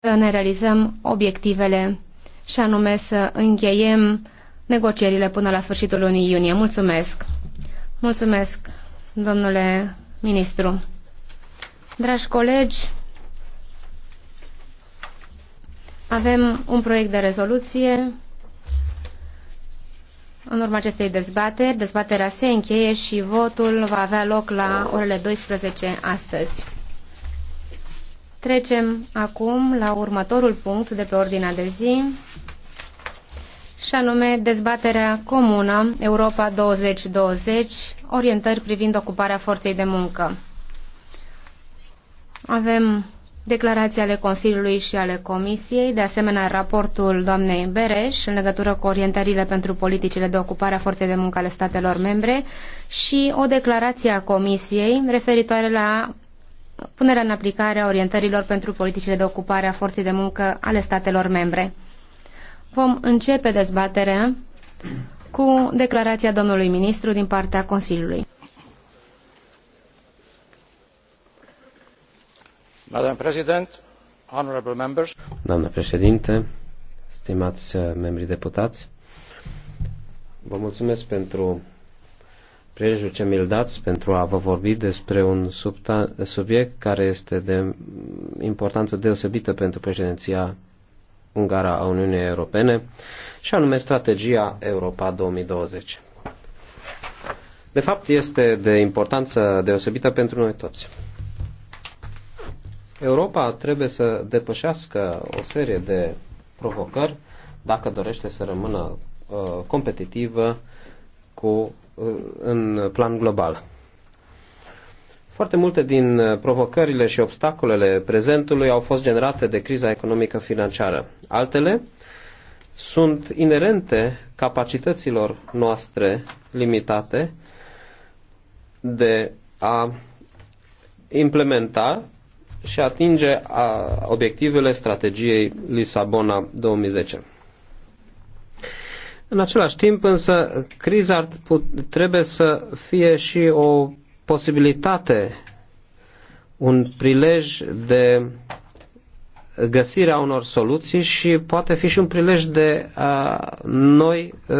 ne realizăm obiectivele și anume să încheiem negocierile până la sfârșitul lunii iunie. Mulțumesc! Mulțumesc, domnule ministru! Dragi colegi, avem un proiect de rezoluție în urma acestei dezbateri. Dezbaterea se încheie și votul va avea loc la orele 12 astăzi. Trecem acum la următorul punct de pe ordinea de zi, și anume dezbaterea comună Europa 2020, orientări privind ocuparea forței de muncă. Avem declarații ale Consiliului și ale Comisiei, de asemenea raportul doamnei Bereș în legătură cu orientările pentru politicile de ocupare a forței de muncă ale statelor membre și o declarație a Comisiei referitoare la punerea în aplicare a orientărilor pentru politicile de ocupare a forței de muncă ale statelor membre. Vom începe dezbaterea cu declarația domnului ministru din partea Consiliului. Doamnă președinte, stimați uh, membri deputați, vă mulțumesc pentru prilejul ce mi-l dați pentru a vă vorbi despre un subiect care este de importanță deosebită pentru președinția ungară a Uniunii Europene și anume strategia Europa 2020. De fapt, este de importanță deosebită pentru noi toți. Europa trebuie să depășească o serie de provocări dacă dorește să rămână uh, competitivă cu Uh, în plan global. Foarte multe din uh, provocările și obstacolele prezentului au fost generate de criza economică financiară. Altele sunt inerente capacităților noastre limitate de a implementa și atinge obiectivele strategiei Lisabona 2010. În același timp, însă, criza trebuie să fie și o posibilitate, un prilej de găsirea unor soluții și poate fi și un prilej de a, noi a,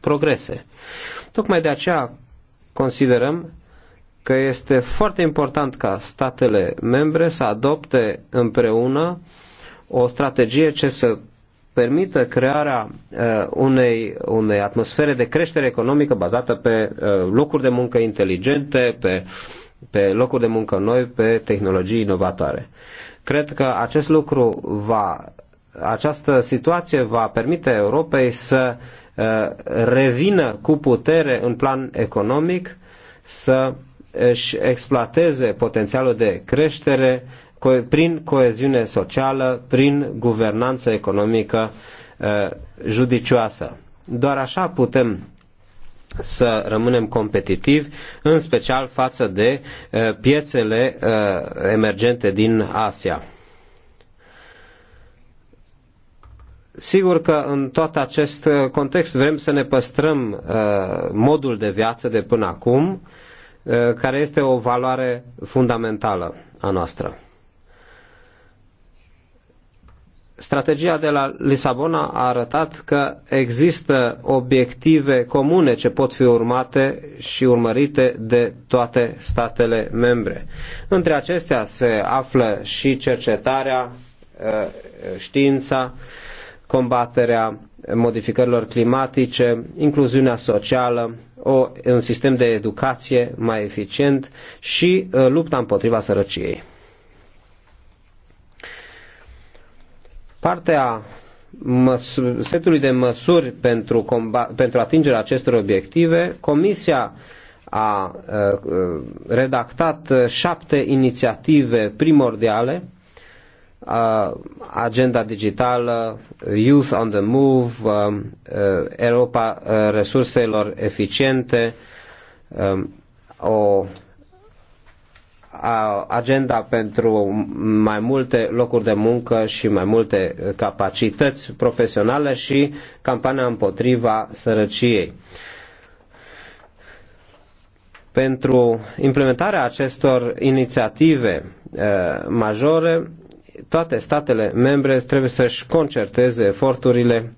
progrese. Tocmai de aceea considerăm că este foarte important ca statele membre să adopte împreună o strategie ce să permită crearea uh, unei, unei atmosfere de creștere economică bazată pe uh, locuri de muncă inteligente, pe, pe locuri de muncă noi, pe tehnologii inovatoare. Cred că acest lucru va, această situație va permite Europei să uh, revină cu putere în plan economic, să își exploateze potențialul de creștere prin coeziune socială, prin guvernanță economică uh, judicioasă. Doar așa putem să rămânem competitivi, în special față de uh, piețele uh, emergente din Asia. Sigur că în tot acest context vrem să ne păstrăm modul de viață de până acum, care este o valoare fundamentală a noastră strategia de la Lisabona a arătat că există obiective comune ce pot fi urmate și urmărite de toate statele membre. Între acestea se află și cercetarea, ă, știința, combaterea modificărilor climatice, incluziunea socială, o, un sistem de educație mai eficient și ă, lupta împotriva sărăciei. Partea setului de măsuri pentru, pentru atingerea acestor obiective, Comisia a uh, uh, redactat uh, șapte inițiative primordiale, agenda digitală, Youth on the Move, Europa resurselor eficiente, um, o agenda pentru mai multe locuri de muncă și mai multe capacități profesionale și campania împotriva sărăciei. Pentru implementarea acestor inițiative majore, toate statele membre trebuie să-și concerteze eforturile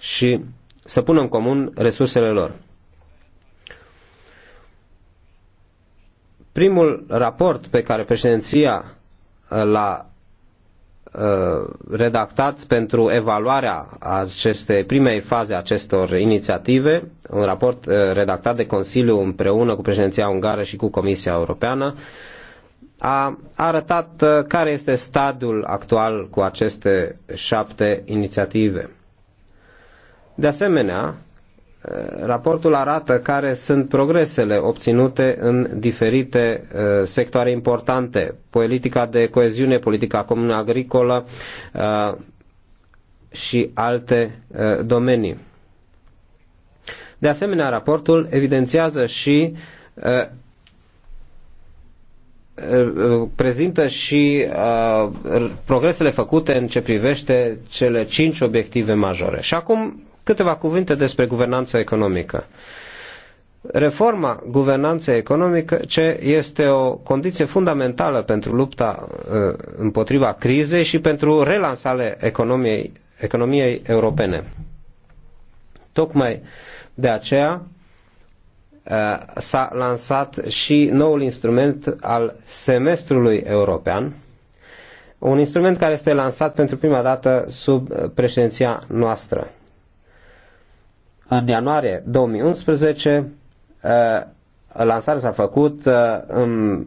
și să pună în comun resursele lor. Primul raport pe care președinția uh, l-a uh, redactat pentru evaluarea acestei primei faze acestor inițiative, un raport uh, redactat de Consiliu împreună cu președinția ungară și cu Comisia Europeană, a arătat care este stadiul actual cu aceste șapte inițiative. De asemenea, Raportul arată care sunt progresele obținute în diferite uh, sectoare importante, politica de coeziune, politica comună agricolă uh, și alte uh, domenii. De asemenea, raportul evidențiază și prezintă și progresele făcute în ce privește cele cinci obiective majore. Și acum Câteva cuvinte despre guvernanța economică. Reforma guvernanței economice ce este o condiție fundamentală pentru lupta uh, împotriva crizei și pentru relansarea economiei, economiei europene. Tocmai de aceea uh, s-a lansat și noul instrument al semestrului european, un instrument care este lansat pentru prima dată sub președinția noastră. În ianuarie 2011, uh, lansarea s-a făcut uh, în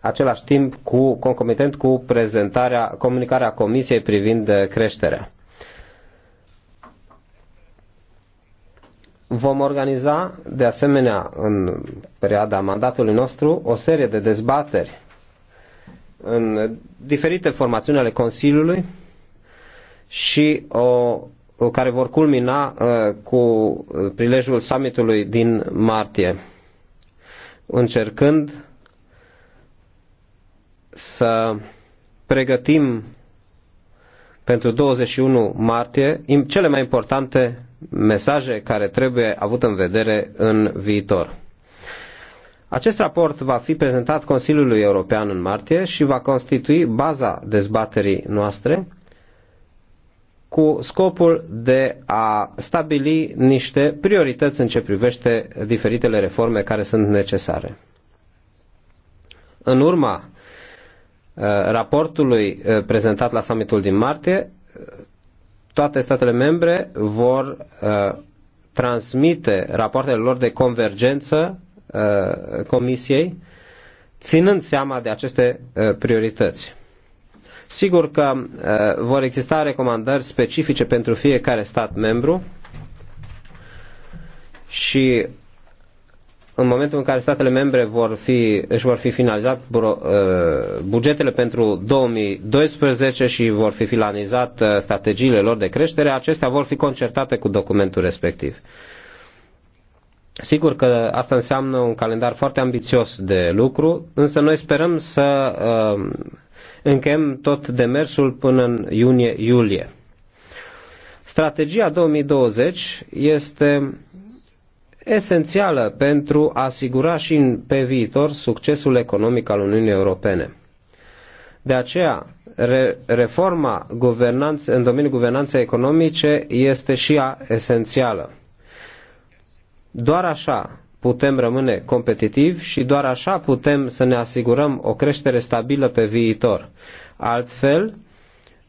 același timp cu concomitent cu prezentarea, comunicarea Comisiei privind uh, creșterea. Vom organiza, de asemenea, în perioada mandatului nostru, o serie de dezbateri în diferite formațiuni ale Consiliului și o care vor culmina uh, cu uh, prilejul summitului din martie, încercând să pregătim pentru 21 martie cele mai importante mesaje care trebuie avut în vedere în viitor. Acest raport va fi prezentat Consiliului European în martie și va constitui baza dezbaterii noastre cu scopul de a stabili niște priorități în ce privește diferitele reforme care sunt necesare. În urma uh, raportului uh, prezentat la summitul din martie, uh, toate statele membre vor transmite rapoartele lor de convergență Comisiei, ținând seama de aceste priorități. Sigur că uh, vor exista recomandări specifice pentru fiecare stat membru și în momentul în care statele membre vor fi, își vor fi finalizat bro, uh, bugetele pentru 2012 și vor fi finalizat uh, strategiile lor de creștere, acestea vor fi concertate cu documentul respectiv. Sigur că asta înseamnă un calendar foarte ambițios de lucru, însă noi sperăm să uh, încheiem tot demersul până în iunie-iulie. Strategia 2020 este esențială pentru a asigura și în, pe viitor succesul economic al Uniunii Europene. De aceea, re, reforma în domeniul guvernanței economice este și ea esențială. Doar așa putem rămâne competitivi și doar așa putem să ne asigurăm o creștere stabilă pe viitor. Altfel,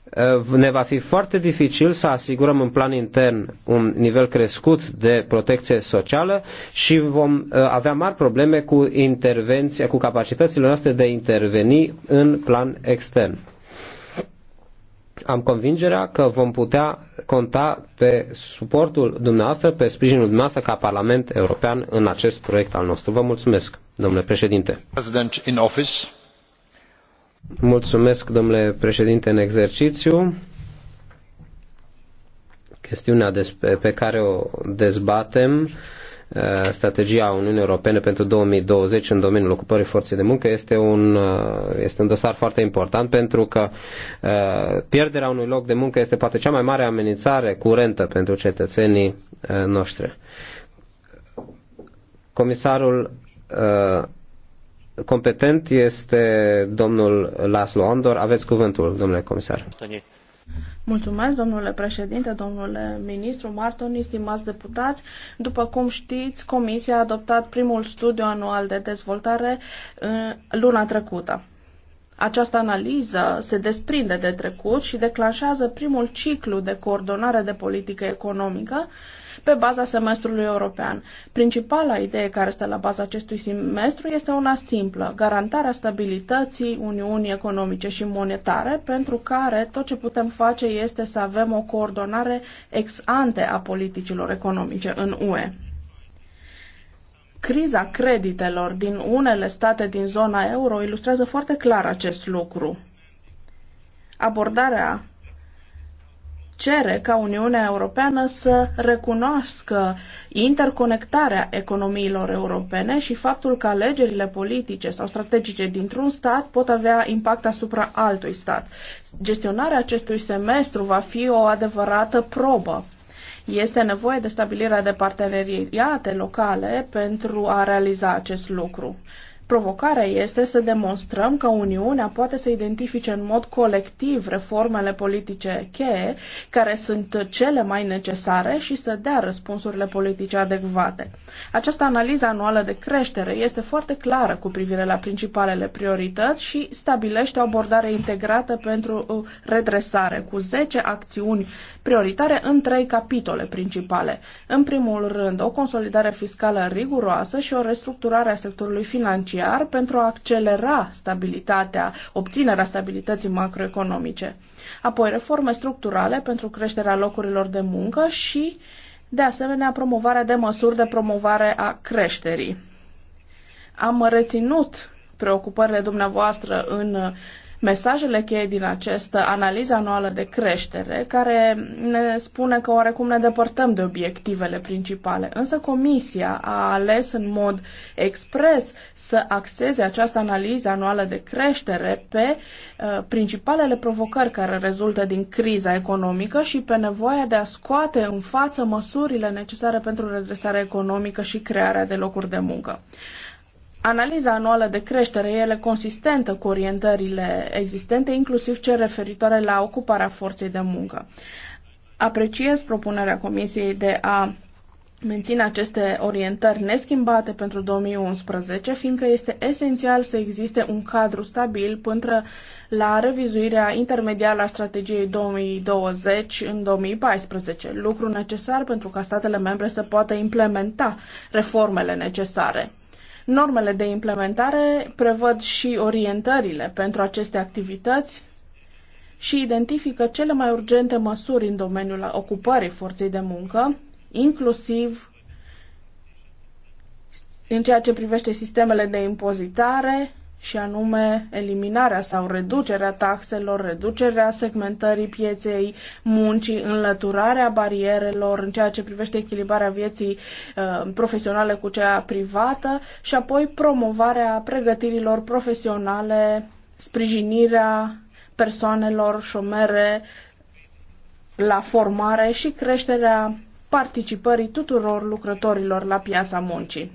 eh, ne va fi foarte dificil să asigurăm în plan intern un nivel crescut de protecție socială și vom eh, avea mari probleme cu intervenția, cu capacitățile noastre de a interveni în plan extern am convingerea că vom putea conta pe suportul dumneavoastră, pe sprijinul dumneavoastră ca Parlament European în acest proiect al nostru. Vă mulțumesc, domnule președinte. Mulțumesc, domnule președinte, în exercițiu. Chestiunea despre, pe care o dezbatem Eh, strategia Uniunii Europene pentru 2020 în domeniul ocupării forței de muncă este un, eh, este un dosar foarte important pentru că eh, pierderea unui loc de muncă este poate cea mai mare amenințare curentă pentru cetățenii noștri. Comisarul competent este domnul Laszlo Andor. Aveți cuvântul, domnule comisar. Mulțumesc, domnule președinte, domnule ministru Marton, stimați deputați. După cum știți, Comisia a adoptat primul studiu anual de dezvoltare uh, luna trecută. Această analiză se desprinde de trecut și declanșează primul ciclu de coordonare de politică economică pe baza semestrului european. Principala idee care stă la baza acestui semestru este una simplă, garantarea stabilității Uniunii Economice și Monetare, pentru care tot ce putem face este să avem o coordonare ex ante a politicilor economice în UE. Criza creditelor din unele state din zona euro ilustrează foarte clar acest lucru. Abordarea cere ca Uniunea Europeană să recunoască interconectarea economiilor europene și faptul că alegerile politice sau strategice dintr-un stat pot avea impact asupra altui stat. Gestionarea acestui semestru va fi o adevărată probă este nevoie de stabilirea de parteneriate locale pentru a realiza acest lucru. Provocarea este să demonstrăm că Uniunea poate să identifice în mod colectiv reformele politice cheie, care sunt cele mai necesare și să dea răspunsurile politice adecvate. Această analiză anuală de creștere este foarte clară cu privire la principalele priorități și stabilește o abordare integrată pentru uh, redresare, cu 10 acțiuni prioritare în trei capitole principale. În primul rând, o consolidare fiscală riguroasă și o restructurare a sectorului financiar pentru a accelera stabilitatea, obținerea stabilității macroeconomice. Apoi, reforme structurale pentru creșterea locurilor de muncă și, de asemenea, promovarea de măsuri de promovare a creșterii. Am reținut preocupările dumneavoastră în mesajele cheie din această analiză anuală de creștere, care ne spune că oarecum ne depărtăm de obiectivele principale. Însă Comisia a ales în mod expres să axeze această analiză anuală de creștere pe uh, principalele provocări care rezultă din criza economică și pe nevoia de a scoate în față măsurile necesare pentru redresarea economică și crearea de locuri de muncă. Analiza anuală de creștere ele consistentă cu orientările existente, inclusiv cele referitoare la ocuparea forței de muncă. Apreciez propunerea Comisiei de a menține aceste orientări neschimbate pentru 2011, fiindcă este esențial să existe un cadru stabil până la revizuirea intermediară a strategiei 2020 în 2014, lucru necesar pentru ca statele membre să poată implementa reformele necesare. Normele de implementare prevăd și orientările pentru aceste activități și identifică cele mai urgente măsuri în domeniul ocupării forței de muncă, inclusiv în ceea ce privește sistemele de impozitare, și anume eliminarea sau reducerea taxelor, reducerea segmentării pieței muncii, înlăturarea barierelor în ceea ce privește echilibrarea vieții uh, profesionale cu cea privată și apoi promovarea pregătirilor profesionale, sprijinirea persoanelor șomere la formare și creșterea participării tuturor lucrătorilor la piața muncii.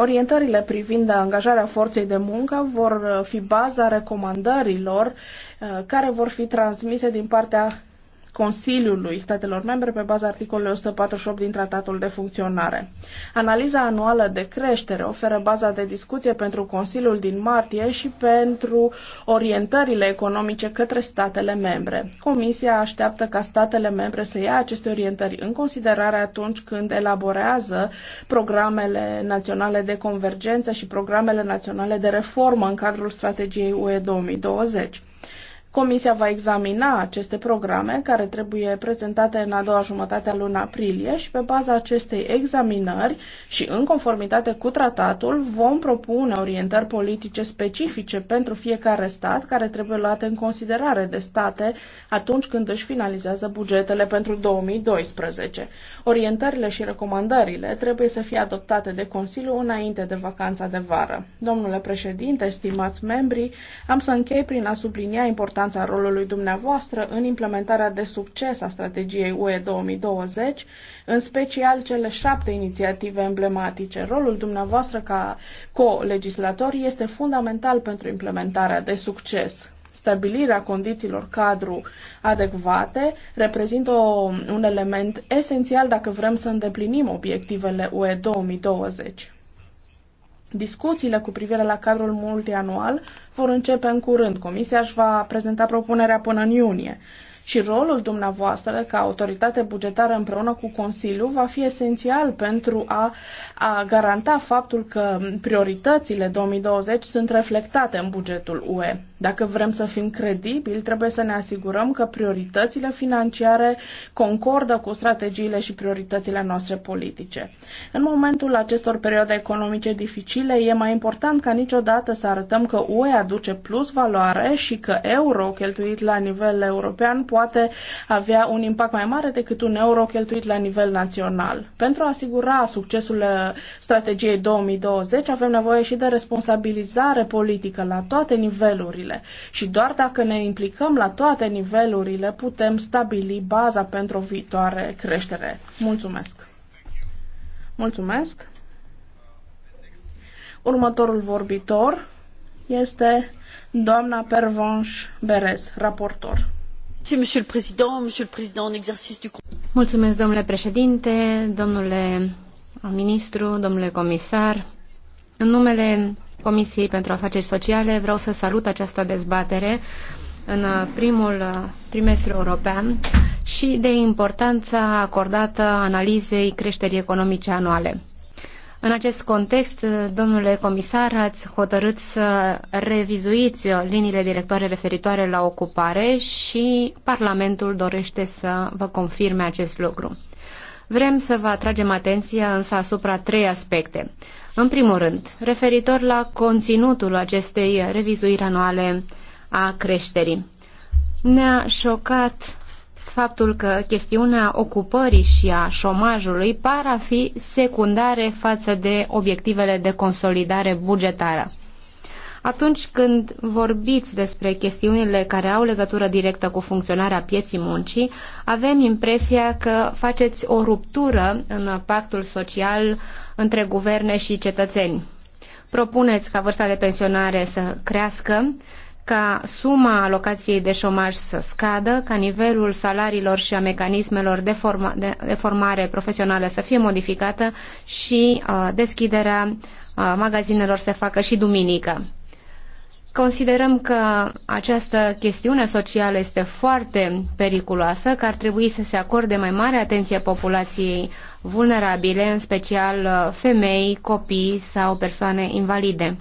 Orientările privind angajarea forței de muncă vor fi baza recomandărilor uh, care vor fi transmise din partea Consiliului statelor membre pe baza articolului 148 din Tratatul de Funcționare. Analiza anuală de creștere oferă baza de discuție pentru Consiliul din martie și pentru orientările economice către statele membre. Comisia așteaptă ca statele membre să ia aceste orientări în considerare atunci când elaborează programele naționale de convergență și programele naționale de reformă în cadrul strategiei UE 2020. Comisia va examina aceste programe care trebuie prezentate în a doua jumătate a lunii aprilie și pe baza acestei examinări și în conformitate cu tratatul vom propune orientări politice specifice pentru fiecare stat care trebuie luate în considerare de state atunci când își finalizează bugetele pentru 2012. Orientările și recomandările trebuie să fie adoptate de Consiliu înainte de vacanța de vară. Domnule președinte, stimați membri, am să închei prin a sublinia importanța rolului dumneavoastră în implementarea de succes a strategiei UE 2020, în special cele șapte inițiative emblematice. Rolul dumneavoastră ca co-legislator este fundamental pentru implementarea de succes. Stabilirea condițiilor cadru adecvate reprezintă o, un element esențial dacă vrem să îndeplinim obiectivele UE 2020. Discuțiile cu privire la cadrul multianual vor începe în curând. Comisia își va prezenta propunerea până în iunie și rolul dumneavoastră ca autoritate bugetară împreună cu Consiliul va fi esențial pentru a, a garanta faptul că prioritățile 2020 sunt reflectate în bugetul UE. Dacă vrem să fim credibili, trebuie să ne asigurăm că prioritățile financiare concordă cu strategiile și prioritățile noastre politice. În momentul acestor perioade economice dificile, e mai important ca niciodată să arătăm că UE aduce plus valoare și că euro cheltuit la nivel european poate avea un impact mai mare decât un euro cheltuit la nivel național. Pentru a asigura succesul uh, strategiei 2020, avem nevoie și de responsabilizare politică la toate nivelurile nivelurile Și doar dacă ne implicăm la toate nivelurile, putem stabili baza pentru o viitoare creștere. Mulțumesc! Mulțumesc! Următorul vorbitor este doamna Pervonș Berez, raportor. Mulțumesc, domnule președinte, domnule ministru, domnule comisar. În numele Comisiei pentru Afaceri Sociale. Vreau să salut această dezbatere în uh, primul uh, trimestru european și de importanța acordată analizei creșterii economice anuale. În acest context, uh, domnule comisar, ați hotărât să revizuiți liniile directoare referitoare la ocupare și Parlamentul dorește să vă confirme acest lucru. Vrem să vă atragem atenția însă asupra trei aspecte. În primul rând, referitor la conținutul acestei revizuiri anuale a creșterii. Ne-a șocat faptul că chestiunea ocupării și a șomajului par a fi secundare față de obiectivele de consolidare bugetară. Atunci când vorbiți despre chestiunile care au legătură directă cu funcționarea pieții muncii, avem impresia că faceți o ruptură în pactul social între guverne și cetățeni. Propuneți ca vârsta de pensionare să crească, ca suma alocației de șomaj să scadă, ca nivelul salariilor și a mecanismelor de, forma, de, de formare profesională să fie modificată și uh, deschiderea uh, magazinelor să facă și duminică. Considerăm că această chestiune socială este foarte periculoasă, că ar trebui să se acorde mai mare atenție populației vulnerabile, în special uh, femei, copii sau persoane invalide.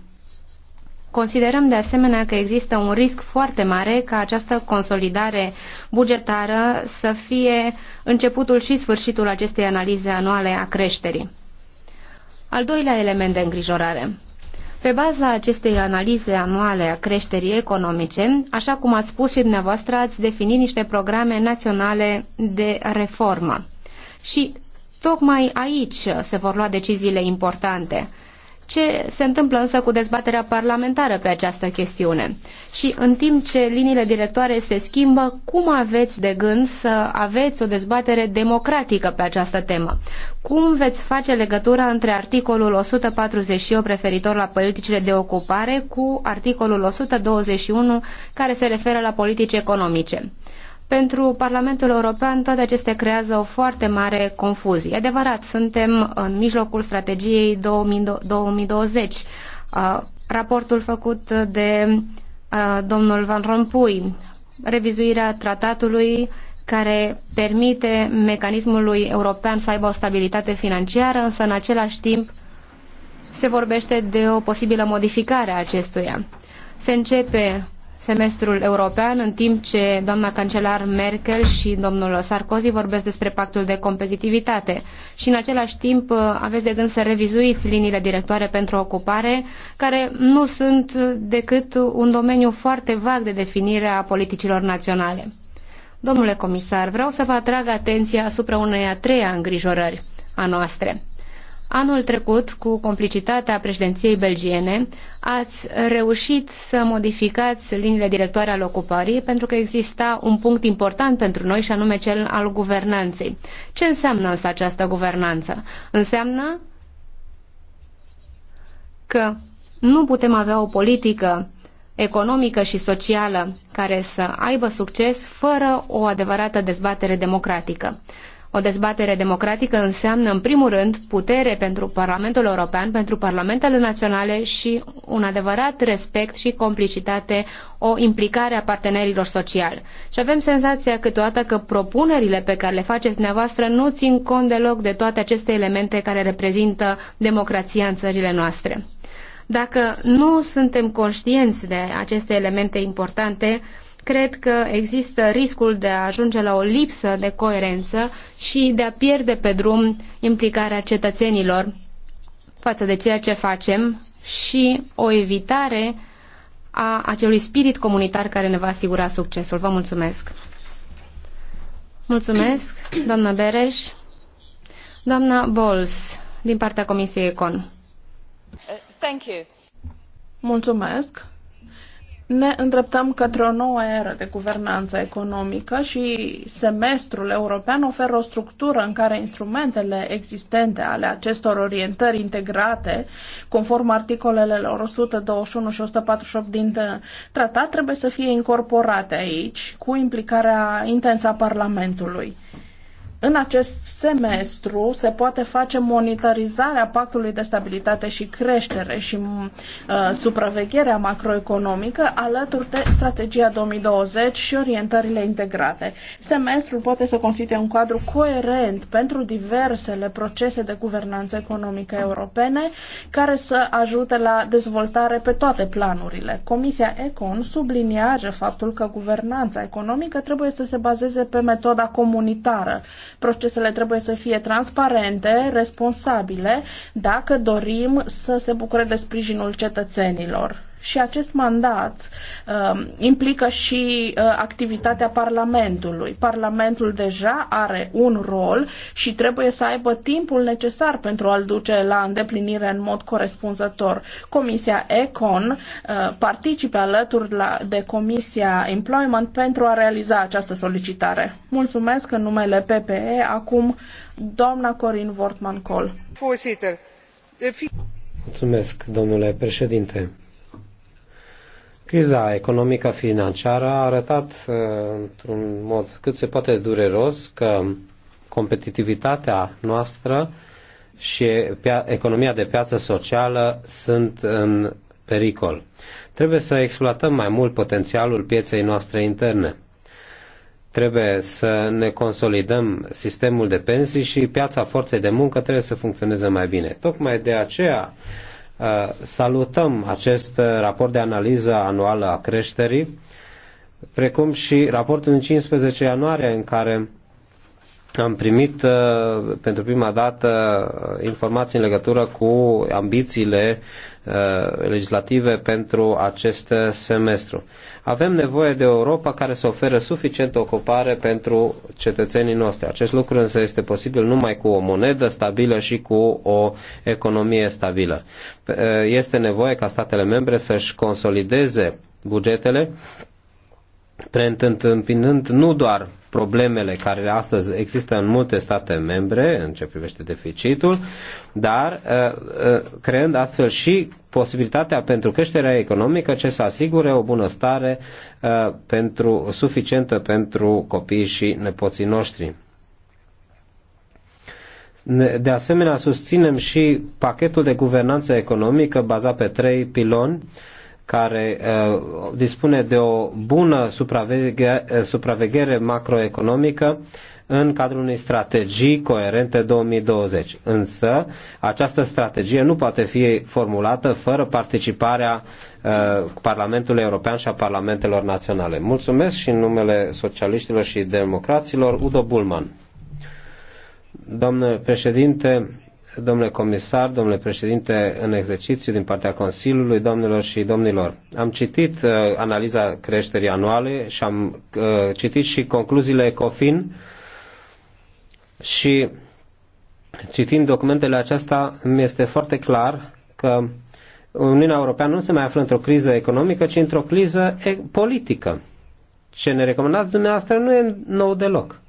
Considerăm de asemenea că există un risc foarte mare ca această consolidare bugetară să fie începutul și sfârșitul acestei analize anuale a creșterii. Al doilea element de îngrijorare. Pe baza acestei analize anuale a creșterii economice, așa cum ați spus și dumneavoastră, ați definit niște programe naționale de reformă. Și tocmai aici se vor lua deciziile importante ce se întâmplă însă cu dezbaterea parlamentară pe această chestiune? Și în timp ce liniile directoare se schimbă, cum aveți de gând să aveți o dezbatere democratică pe această temă? Cum veți face legătura între articolul 148 referitor la politicile de ocupare cu articolul 121 care se referă la politici economice? Pentru Parlamentul European toate acestea creează o foarte mare confuzie. E adevărat, suntem în mijlocul strategiei 2020. Raportul făcut de domnul Van Rompuy, revizuirea tratatului care permite mecanismului european să aibă o stabilitate financiară, însă în același timp se vorbește de o posibilă modificare a acestuia. Se începe semestrul european, în timp ce doamna cancelar Merkel și domnul Sarkozy vorbesc despre pactul de competitivitate. Și în același timp uh, aveți de gând să revizuiți liniile directoare pentru ocupare, care nu sunt decât un domeniu foarte vag de definire a politicilor naționale. Domnule comisar, vreau să vă atrag atenția asupra unei a treia îngrijorări a noastre. Anul trecut, cu complicitatea președinției belgiene, ați reușit să modificați liniile directoare ale ocupării pentru că exista un punct important pentru noi și anume cel al guvernanței. Ce înseamnă însă această guvernanță? Înseamnă că nu putem avea o politică economică și socială care să aibă succes fără o adevărată dezbatere democratică. O dezbatere democratică înseamnă, în primul rând, putere pentru Parlamentul European, pentru Parlamentele Naționale și un adevărat respect și complicitate, o implicare a partenerilor sociali. Și avem senzația câteodată că propunerile pe care le faceți dumneavoastră nu țin cont deloc de toate aceste elemente care reprezintă democrația în țările noastre. Dacă nu suntem conștienți de aceste elemente importante, cred că există riscul de a ajunge la o lipsă de coerență și de a pierde pe drum implicarea cetățenilor față de ceea ce facem și o evitare a acelui spirit comunitar care ne va asigura succesul. Vă mulțumesc! Mulțumesc, doamna Bereș. Doamna Bols, din partea Comisiei Econ. Mulțumesc ne îndreptăm către o nouă eră de guvernanță economică și semestrul european oferă o structură în care instrumentele existente ale acestor orientări integrate, conform articolelor 121 și 148 din tratat, trebuie să fie incorporate aici, cu implicarea intensă a Parlamentului în acest semestru se poate face monitorizarea pactului de stabilitate și creștere și uh, supravegherea macroeconomică alături de strategia 2020 și orientările integrate. Semestrul poate să constituie un cadru coerent pentru diversele procese de guvernanță economică europene care să ajute la dezvoltare pe toate planurile. Comisia Econ subliniază faptul că guvernanța economică trebuie să se bazeze pe metoda comunitară Procesele trebuie să fie transparente, responsabile, dacă dorim să se bucure de sprijinul cetățenilor și acest mandat uh, implică și uh, activitatea Parlamentului. Parlamentul deja are un rol și trebuie să aibă timpul necesar pentru a-l duce la îndeplinire în mod corespunzător. Comisia Econ uh, participe alături la, de Comisia Employment pentru a realiza această solicitare. Mulțumesc în numele PPE. Acum doamna Corin Wortman-Col. Mulțumesc, domnule președinte. Criza economică financiară a arătat uh, într-un mod cât se poate dureros că competitivitatea noastră și economia de piață socială sunt în pericol. Trebuie să exploatăm mai mult potențialul pieței noastre interne. Trebuie să ne consolidăm sistemul de pensii și piața forței de muncă trebuie să funcționeze mai bine. Tocmai de aceea Uh, salutăm acest uh, raport de analiză anuală a creșterii, precum și raportul în 15 ianuarie în care am primit uh, pentru prima dată informații în legătură cu ambițiile Uh, legislative pentru acest semestru. Avem nevoie de o Europa care să oferă suficientă ocupare pentru cetățenii noștri. Acest lucru însă este posibil numai cu o monedă stabilă și cu o economie stabilă. Uh, este nevoie ca statele membre să-și consolideze bugetele preîntâmpinând nu doar problemele care astăzi există în multe state membre în ce privește deficitul, dar uh, uh, creând astfel și posibilitatea pentru creșterea economică ce să asigure o bunăstare uh, pentru, suficientă pentru copiii și nepoții noștri. De asemenea, susținem și pachetul de guvernanță economică bazat pe trei piloni, uh, care uh, dispune de o bună supraveghe, uh, supraveghere macroeconomică în cadrul unei strategii coerente 2020. Însă, această strategie nu poate fi formulată fără participarea uh, Parlamentului European și a Parlamentelor Naționale. Mulțumesc și în numele socialiștilor și democraților, Udo Bulman. Domnule președinte, domnule comisar, domnule președinte în exercițiu din partea Consiliului, domnilor și domnilor. Am citit uh, analiza creșterii anuale și am uh, citit și concluziile COFIN și citind documentele acestea, mi este foarte clar că Uniunea Europeană nu se mai află într-o criză economică, ci într-o criză politică. Ce ne recomandați dumneavoastră nu e nou deloc.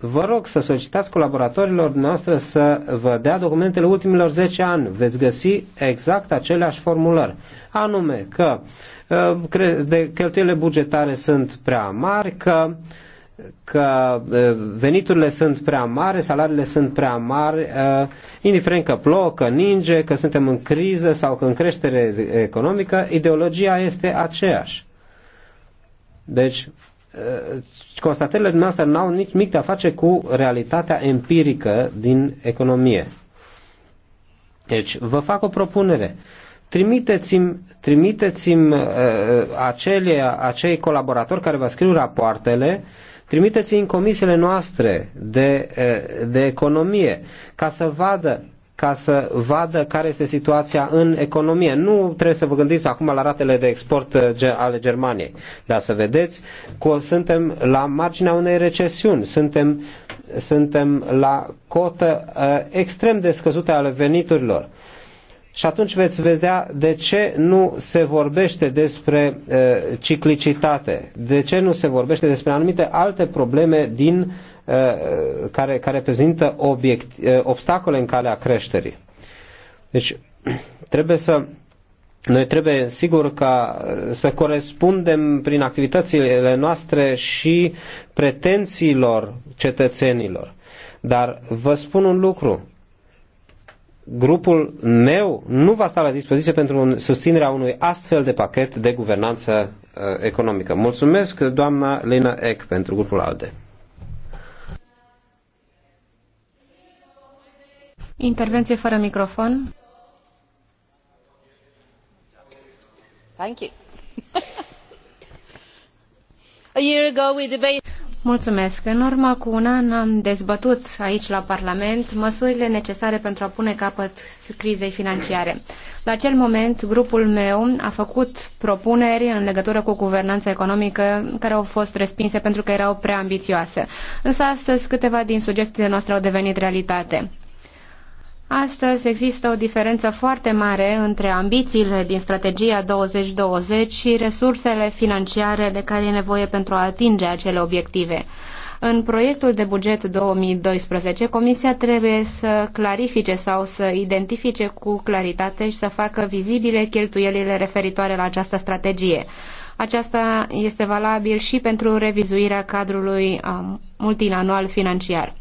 Vă rog să solicitați colaboratorilor noastre să vă dea documentele ultimilor 10 ani. Veți găsi exact aceleași formulări. Anume că uh, de cheltuielile bugetare sunt prea mari, că că uh, veniturile sunt prea mari, salariile sunt prea mari, uh, indiferent că plouă, că ninge, că suntem în criză sau că în creștere economică, ideologia este aceeași. Deci, Uh, constatările noastre n-au nici mic de a face cu realitatea empirică din economie. Deci, vă fac o propunere. Trimiteți-mi, trimiteți-mi uh, uh acele, acei colaboratori care vă scriu rapoartele, trimiteți-i în comisiile noastre de, uh, de economie ca să vadă ca să vadă care este situația în economie. Nu trebuie să vă gândiți acum la ratele de export uh, ale Germaniei, dar să vedeți că suntem la marginea unei recesiuni, suntem, suntem la cotă uh, extrem de scăzute ale veniturilor. Și atunci veți vedea de ce nu se vorbește despre uh, ciclicitate, de ce nu se vorbește despre anumite alte probleme din Uh, care, care prezintă obiect, uh, obstacole în calea creșterii. Deci trebuie să noi trebuie, sigur, ca uh, să corespundem prin activitățile noastre și pretențiilor cetățenilor. Dar vă spun un lucru. Grupul meu nu va sta la dispoziție pentru susținerea unui astfel de pachet de guvernanță economică. Mulțumesc, doamna Lena Eck, pentru grupul ALDE. Intervenție fără microfon. Thank you. A year ago we Mulțumesc. În urmă cu un an am dezbătut aici la Parlament măsurile necesare pentru a pune capăt crizei financiare. La acel moment, grupul meu a făcut propuneri în legătură cu guvernanța economică care au fost respinse pentru că erau prea ambițioase. Însă astăzi câteva din sugestiile noastre au devenit realitate. Astăzi există o diferență foarte mare între ambițiile din strategia 2020 și resursele financiare de care e nevoie pentru a atinge acele obiective. În proiectul de buget 2012, Comisia trebuie să clarifice sau să identifice cu claritate și să facă vizibile cheltuielile referitoare la această strategie. Aceasta este valabil și pentru revizuirea cadrului um, multianual financiar.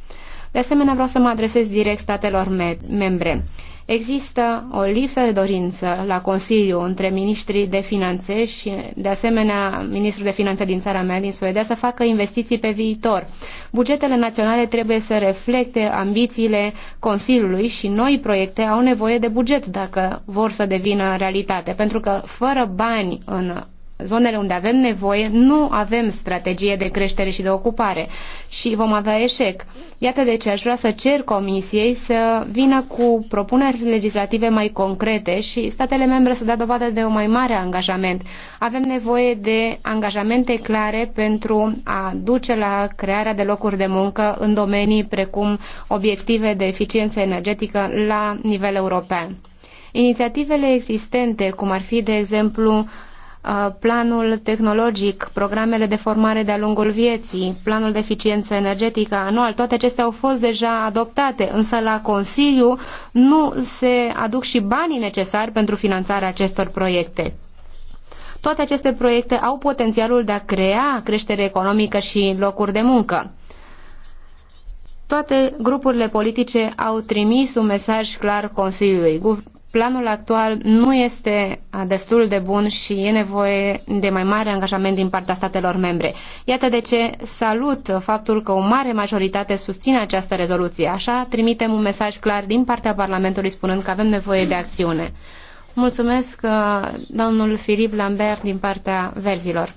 De asemenea, vreau să mă adresez direct statelor me membre. Există o lipsă de dorință la Consiliu între ministrii de finanțe și, de asemenea, ministrul de finanțe din țara mea, din Suedia, să facă investiții pe viitor. Bugetele naționale trebuie să reflecte ambițiile Consiliului și noi proiecte au nevoie de buget dacă vor să devină realitate, pentru că fără bani în zonele unde avem nevoie, nu avem strategie de creștere și de ocupare și vom avea eșec. Iată de ce aș vrea să cer Comisiei să vină cu propuneri legislative mai concrete și statele membre să dea dovadă de un mai mare angajament. Avem nevoie de angajamente clare pentru a duce la crearea de locuri de muncă în domenii precum obiective de eficiență energetică la nivel european. Inițiativele existente, cum ar fi, de exemplu, Uh, planul tehnologic, programele de formare de-a lungul vieții, planul de eficiență energetică anual, toate acestea au fost deja adoptate, însă la Consiliu nu se aduc și banii necesari pentru finanțarea acestor proiecte. Toate aceste proiecte au potențialul de a crea creștere economică și locuri de muncă. Toate grupurile politice au trimis un mesaj clar Consiliului planul actual nu este destul de bun și e nevoie de mai mare angajament din partea statelor membre. Iată de ce salut faptul că o mare majoritate susține această rezoluție. Așa trimitem un mesaj clar din partea Parlamentului spunând că avem nevoie de acțiune. Mulțumesc domnul Filip Lambert din partea verzilor.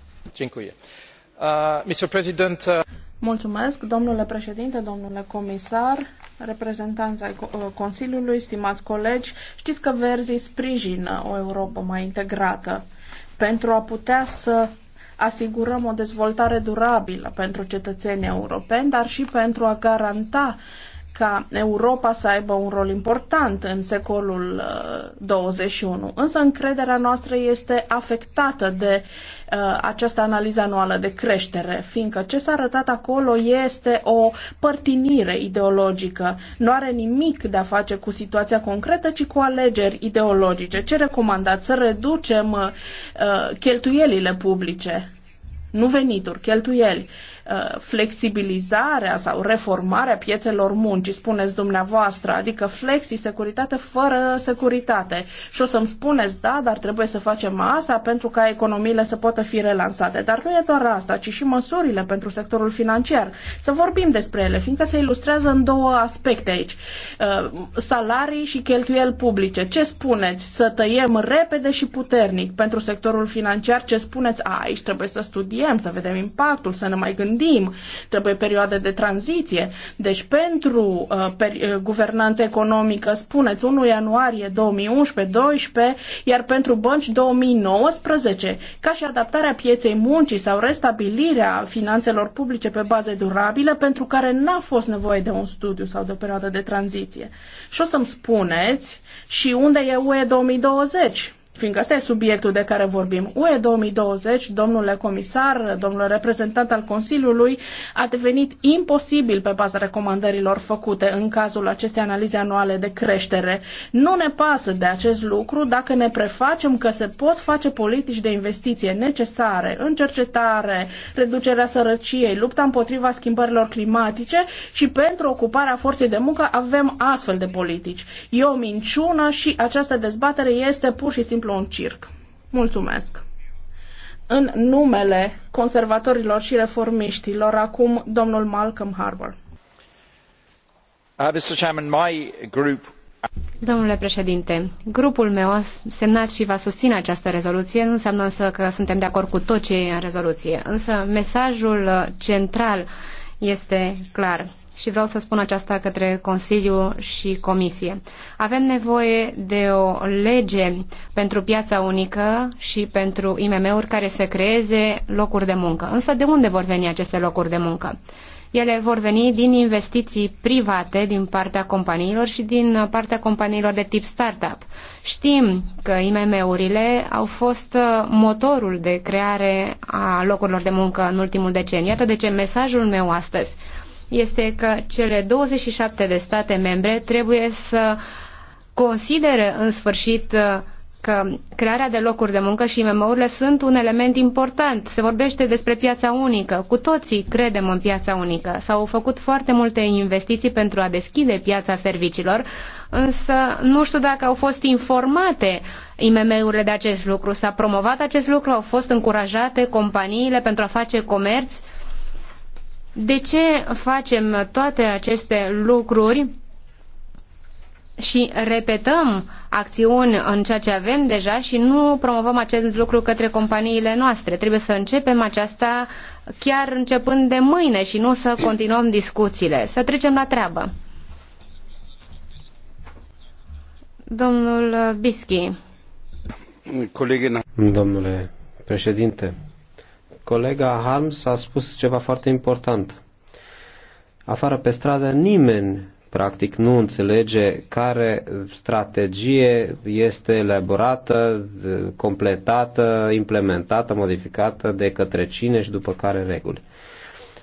Mulțumesc, domnule președinte, domnule comisar reprezentanți ai uh, Consiliului, stimați colegi, știți că Verzii sprijină o Europa mai integrată pentru a putea să asigurăm o dezvoltare durabilă pentru cetățenii europeni, dar și pentru a garanta ca Europa să aibă un rol important în secolul 21. Uh, Însă încrederea noastră este afectată de uh, Uh, această analiză anuală de creștere, fiindcă ce s-a arătat acolo este o părtinire ideologică. Nu are nimic de a face cu situația concretă, ci cu alegeri ideologice. Ce recomandați? Să reducem uh, cheltuielile publice, nu venituri, cheltuieli. Uh, Uh, flexibilizarea sau reformarea piețelor muncii, spuneți dumneavoastră, adică flexi securitate fără securitate. Și o să-mi spuneți, da, dar trebuie să facem asta pentru ca economiile să poată fi relansate. Dar nu e doar asta, ci și măsurile pentru sectorul financiar. Să vorbim despre ele, fiindcă se ilustrează în două aspecte aici. Uh, salarii și cheltuieli publice. Ce spuneți? Să tăiem repede și puternic pentru sectorul financiar? Ce spuneți? A, aici trebuie să studiem, să vedem impactul, să ne mai gândim gândim. Trebuie perioade de tranziție. Deci pentru uh, per, uh, guvernanță economică spuneți 1 ianuarie 2011-12, iar pentru bănci 2019, ca și adaptarea pieței muncii sau restabilirea finanțelor publice pe baze durabile, pentru care n-a fost nevoie de un studiu sau de o perioadă de tranziție. Și o să-mi spuneți și unde e UE 2020? fiindcă ăsta e subiectul de care vorbim. UE 2020, domnule comisar, domnule reprezentant al Consiliului, a devenit imposibil pe baza recomandărilor făcute în cazul acestei analize anuale de creștere. Nu ne pasă de acest lucru dacă ne prefacem că se pot face politici de investiție necesare în cercetare, reducerea sărăciei, lupta împotriva schimbărilor climatice și pentru ocuparea forței de muncă avem astfel de politici. E o minciună și această dezbatere este pur și simplu simplu un circ. Mulțumesc! În numele conservatorilor și reformiștilor, acum domnul Malcolm Harbour. Uh, Mr. Chairman, my group Domnule președinte, grupul meu a semnat și va susține această rezoluție, nu înseamnă însă că suntem de acord cu tot ce e în rezoluție, însă mesajul uh, central este clar și vreau să spun aceasta către Consiliu și Comisie. Avem nevoie de o lege pentru piața unică și pentru IMM-uri care să creeze locuri de muncă. Însă de unde vor veni aceste locuri de muncă? Ele vor veni din investiții private din partea companiilor și din partea companiilor de tip startup. Știm că IMM-urile au fost uh, motorul de creare a locurilor de muncă în ultimul deceniu. Iată de ce mesajul meu astăzi este că cele 27 de state membre trebuie să considere în sfârșit uh, că crearea de locuri de muncă și IMM-urile sunt un element important. Se vorbește despre piața unică. Cu toții credem în piața unică. S-au făcut foarte multe investiții pentru a deschide piața serviciilor, însă nu știu dacă au fost informate IMM-urile de acest lucru. S-a promovat acest lucru, au fost încurajate companiile pentru a face comerț de ce facem toate aceste lucruri și repetăm acțiuni în ceea ce avem deja și nu promovăm acest lucru către companiile noastre. Trebuie să începem aceasta chiar începând de mâine și nu să continuăm discuțiile. Să trecem la treabă. Domnul Bischi. Domnule președinte, Colega Harms a spus ceva foarte important. Afară pe stradă nimeni practic nu înțelege care strategie este elaborată, completată, implementată, modificată de către cine și după care reguli.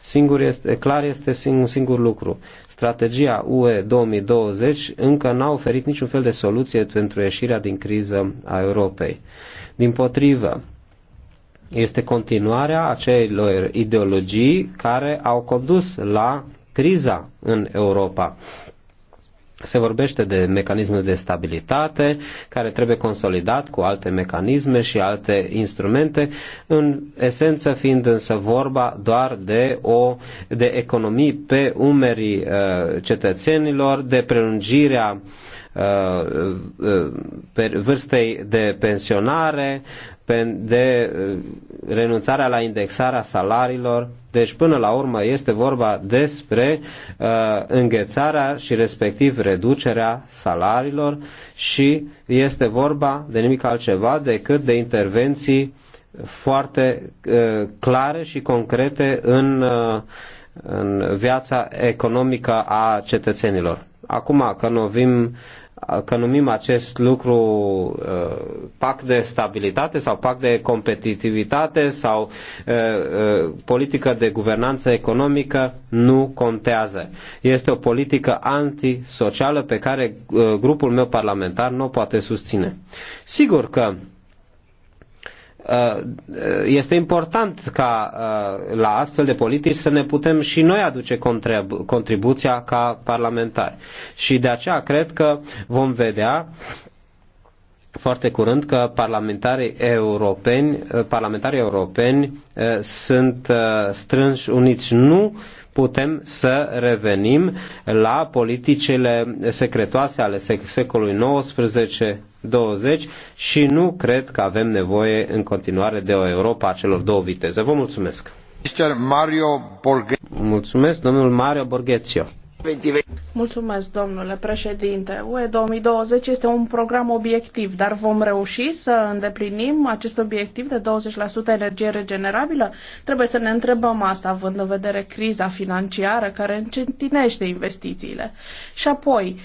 Singur este, clar este un singur lucru. Strategia UE 2020 încă n-a oferit niciun fel de soluție pentru ieșirea din criză a Europei. Din potrivă, este continuarea acelor ideologii care au condus la criza în Europa. Se vorbește de mecanismul de stabilitate care trebuie consolidat cu alte mecanisme și alte instrumente, în esență fiind însă vorba doar de, o, de economii pe umerii uh, cetățenilor, de prelungirea uh, uh vârstei de pensionare, de uh, renunțarea la indexarea salariilor. Deci, până la urmă, este vorba despre uh, înghețarea și respectiv reducerea salariilor și este vorba de nimic altceva decât de intervenții foarte uh, clare și concrete în, uh, în viața economică a cetățenilor. Acum, că vim uh, că numim acest lucru uh, pact de stabilitate sau pact de competitivitate sau uh, uh, politică de guvernanță economică, nu contează. Este o politică antisocială pe care uh, grupul meu parlamentar nu o poate susține. Sigur că Uh, este important ca uh, la astfel de politici să ne putem și noi aduce contribuția ca parlamentari. Și de aceea cred că vom vedea foarte curând că parlamentarii europeni, uh, parlamentarii europeni sunt strânși uniți nu putem să revenim la politicile secretoase ale secolului XIX 20 și nu cred că avem nevoie în continuare de o Europa a celor două viteze. Vă mulțumesc! Mr. Mario Borghe... Mulțumesc, domnul Mario Borghezio. Mulțumesc, domnule președinte. UE 2020 este un program obiectiv, dar vom reuși să îndeplinim acest obiectiv de 20% energie regenerabilă? Trebuie să ne întrebăm asta, având în vedere criza financiară care încetinește investițiile. Și apoi,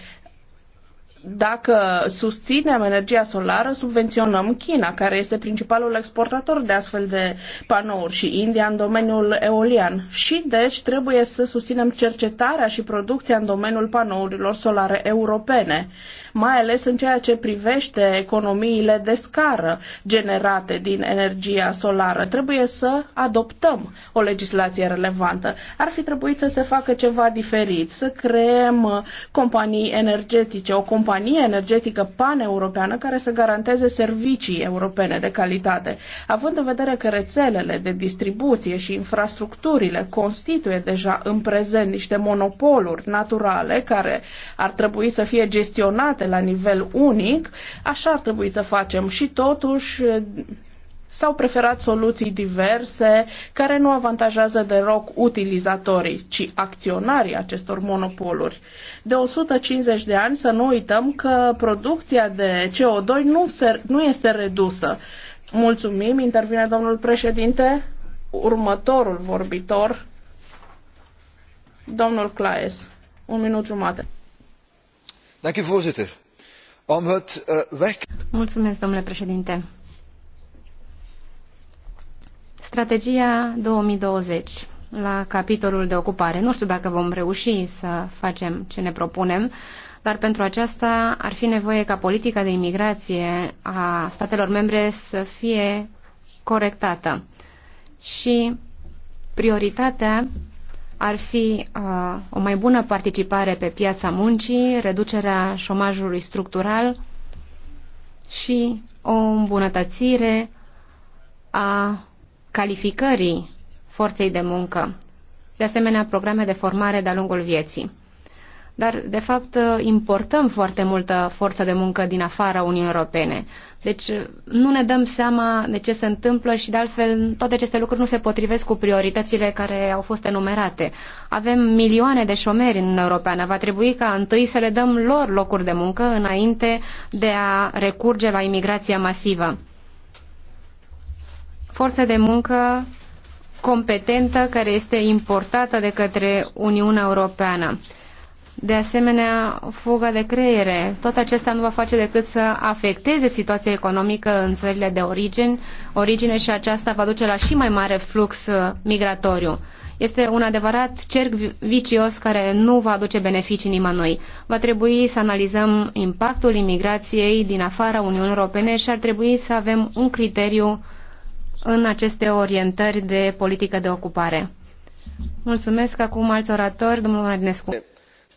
dacă susținem energia solară, subvenționăm China, care este principalul exportator de astfel de panouri și India în domeniul eolian. Și deci trebuie să susținem cercetarea și producția în domeniul panourilor solare europene mai ales în ceea ce privește economiile de scară generate din energia solară. Trebuie să adoptăm o legislație relevantă. Ar fi trebuit să se facă ceva diferit, să creăm companii energetice, o companie energetică paneuropeană care să garanteze servicii europene de calitate. Având în vedere că rețelele de distribuție și infrastructurile constituie deja în prezent niște monopoluri naturale care ar trebui să fie gestionate toate la nivel unic, așa ar trebui să facem și totuși eh, s-au preferat soluții diverse care nu avantajează deloc utilizatorii, ci acționarii acestor monopoluri. De 150 de ani să nu uităm că producția de CO2 nu, se, nu este redusă. Mulțumim, intervine domnul președinte. Următorul vorbitor, domnul Claes. Un minut jumate voorzitter om het eh, werk. strategia două mii douăzeci la capitolul de ocupare nu știu dacă vom reuși să facem ce ne propunem dar pentru aceasta ar fi nevoie ca politica de imigrație a statelor membre să fie corectată și prioritatea ar fi uh, o mai bună participare pe piața muncii, reducerea șomajului structural și o îmbunătățire a calificării forței de muncă. De asemenea, programe de formare de-a lungul vieții. Dar, de fapt, importăm foarte multă forță de muncă din afara Uniunii Europene. Deci nu ne dăm seama de ce se întâmplă și de altfel toate aceste lucruri nu se potrivesc cu prioritățile care au fost enumerate. Avem milioane de șomeri în Europeană. Va trebui ca întâi să le dăm lor locuri de muncă înainte de a recurge la imigrația masivă. Forță de muncă competentă care este importată de către Uniunea Europeană de asemenea fuga de creiere. Tot acesta nu va face decât să afecteze situația economică în țările de origine, origine și aceasta va duce la și mai mare flux uh, migratoriu. Este un adevărat cerc vicios care nu va aduce beneficii nimănui. Va trebui să analizăm impactul imigrației din afara Uniunii Europene și ar trebui să avem un criteriu în aceste orientări de politică de ocupare. Mulțumesc acum alți oratori, domnul Magnescu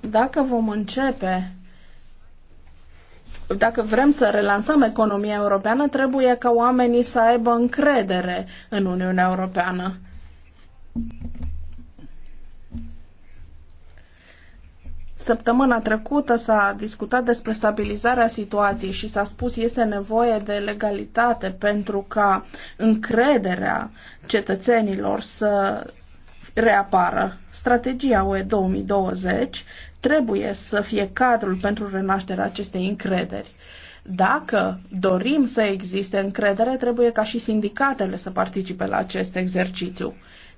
Dacă vom începe dacă vrem să relansăm economia europeană, trebuie ca oamenii să aibă încredere în Uniunea Europeană. Săptămâna trecută s-a discutat despre stabilizarea situației și s-a spus este nevoie de legalitate pentru ca încrederea cetățenilor să reapară. Strategia UE 2020 trebuie să fie cadrul pentru renașterea acestei încrederi. Dacă dorim să existe încredere, trebuie ca și sindicatele să participe la acest exercițiu.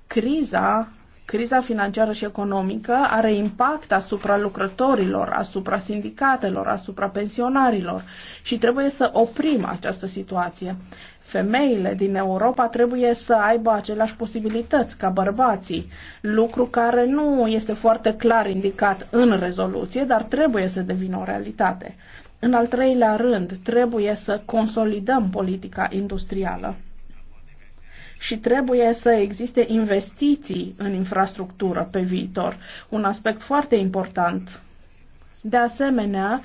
Criza criza financiară și economică are impact asupra lucrătorilor, asupra sindicatelor, asupra pensionarilor și trebuie să oprim această situație. Femeile din Europa trebuie să aibă aceleași posibilități ca bărbații, lucru care nu este foarte clar indicat în rezoluție, dar trebuie să devină o realitate. În al treilea rând, trebuie să consolidăm politica industrială și trebuie să existe investiții în infrastructură pe viitor, un aspect foarte important. De asemenea,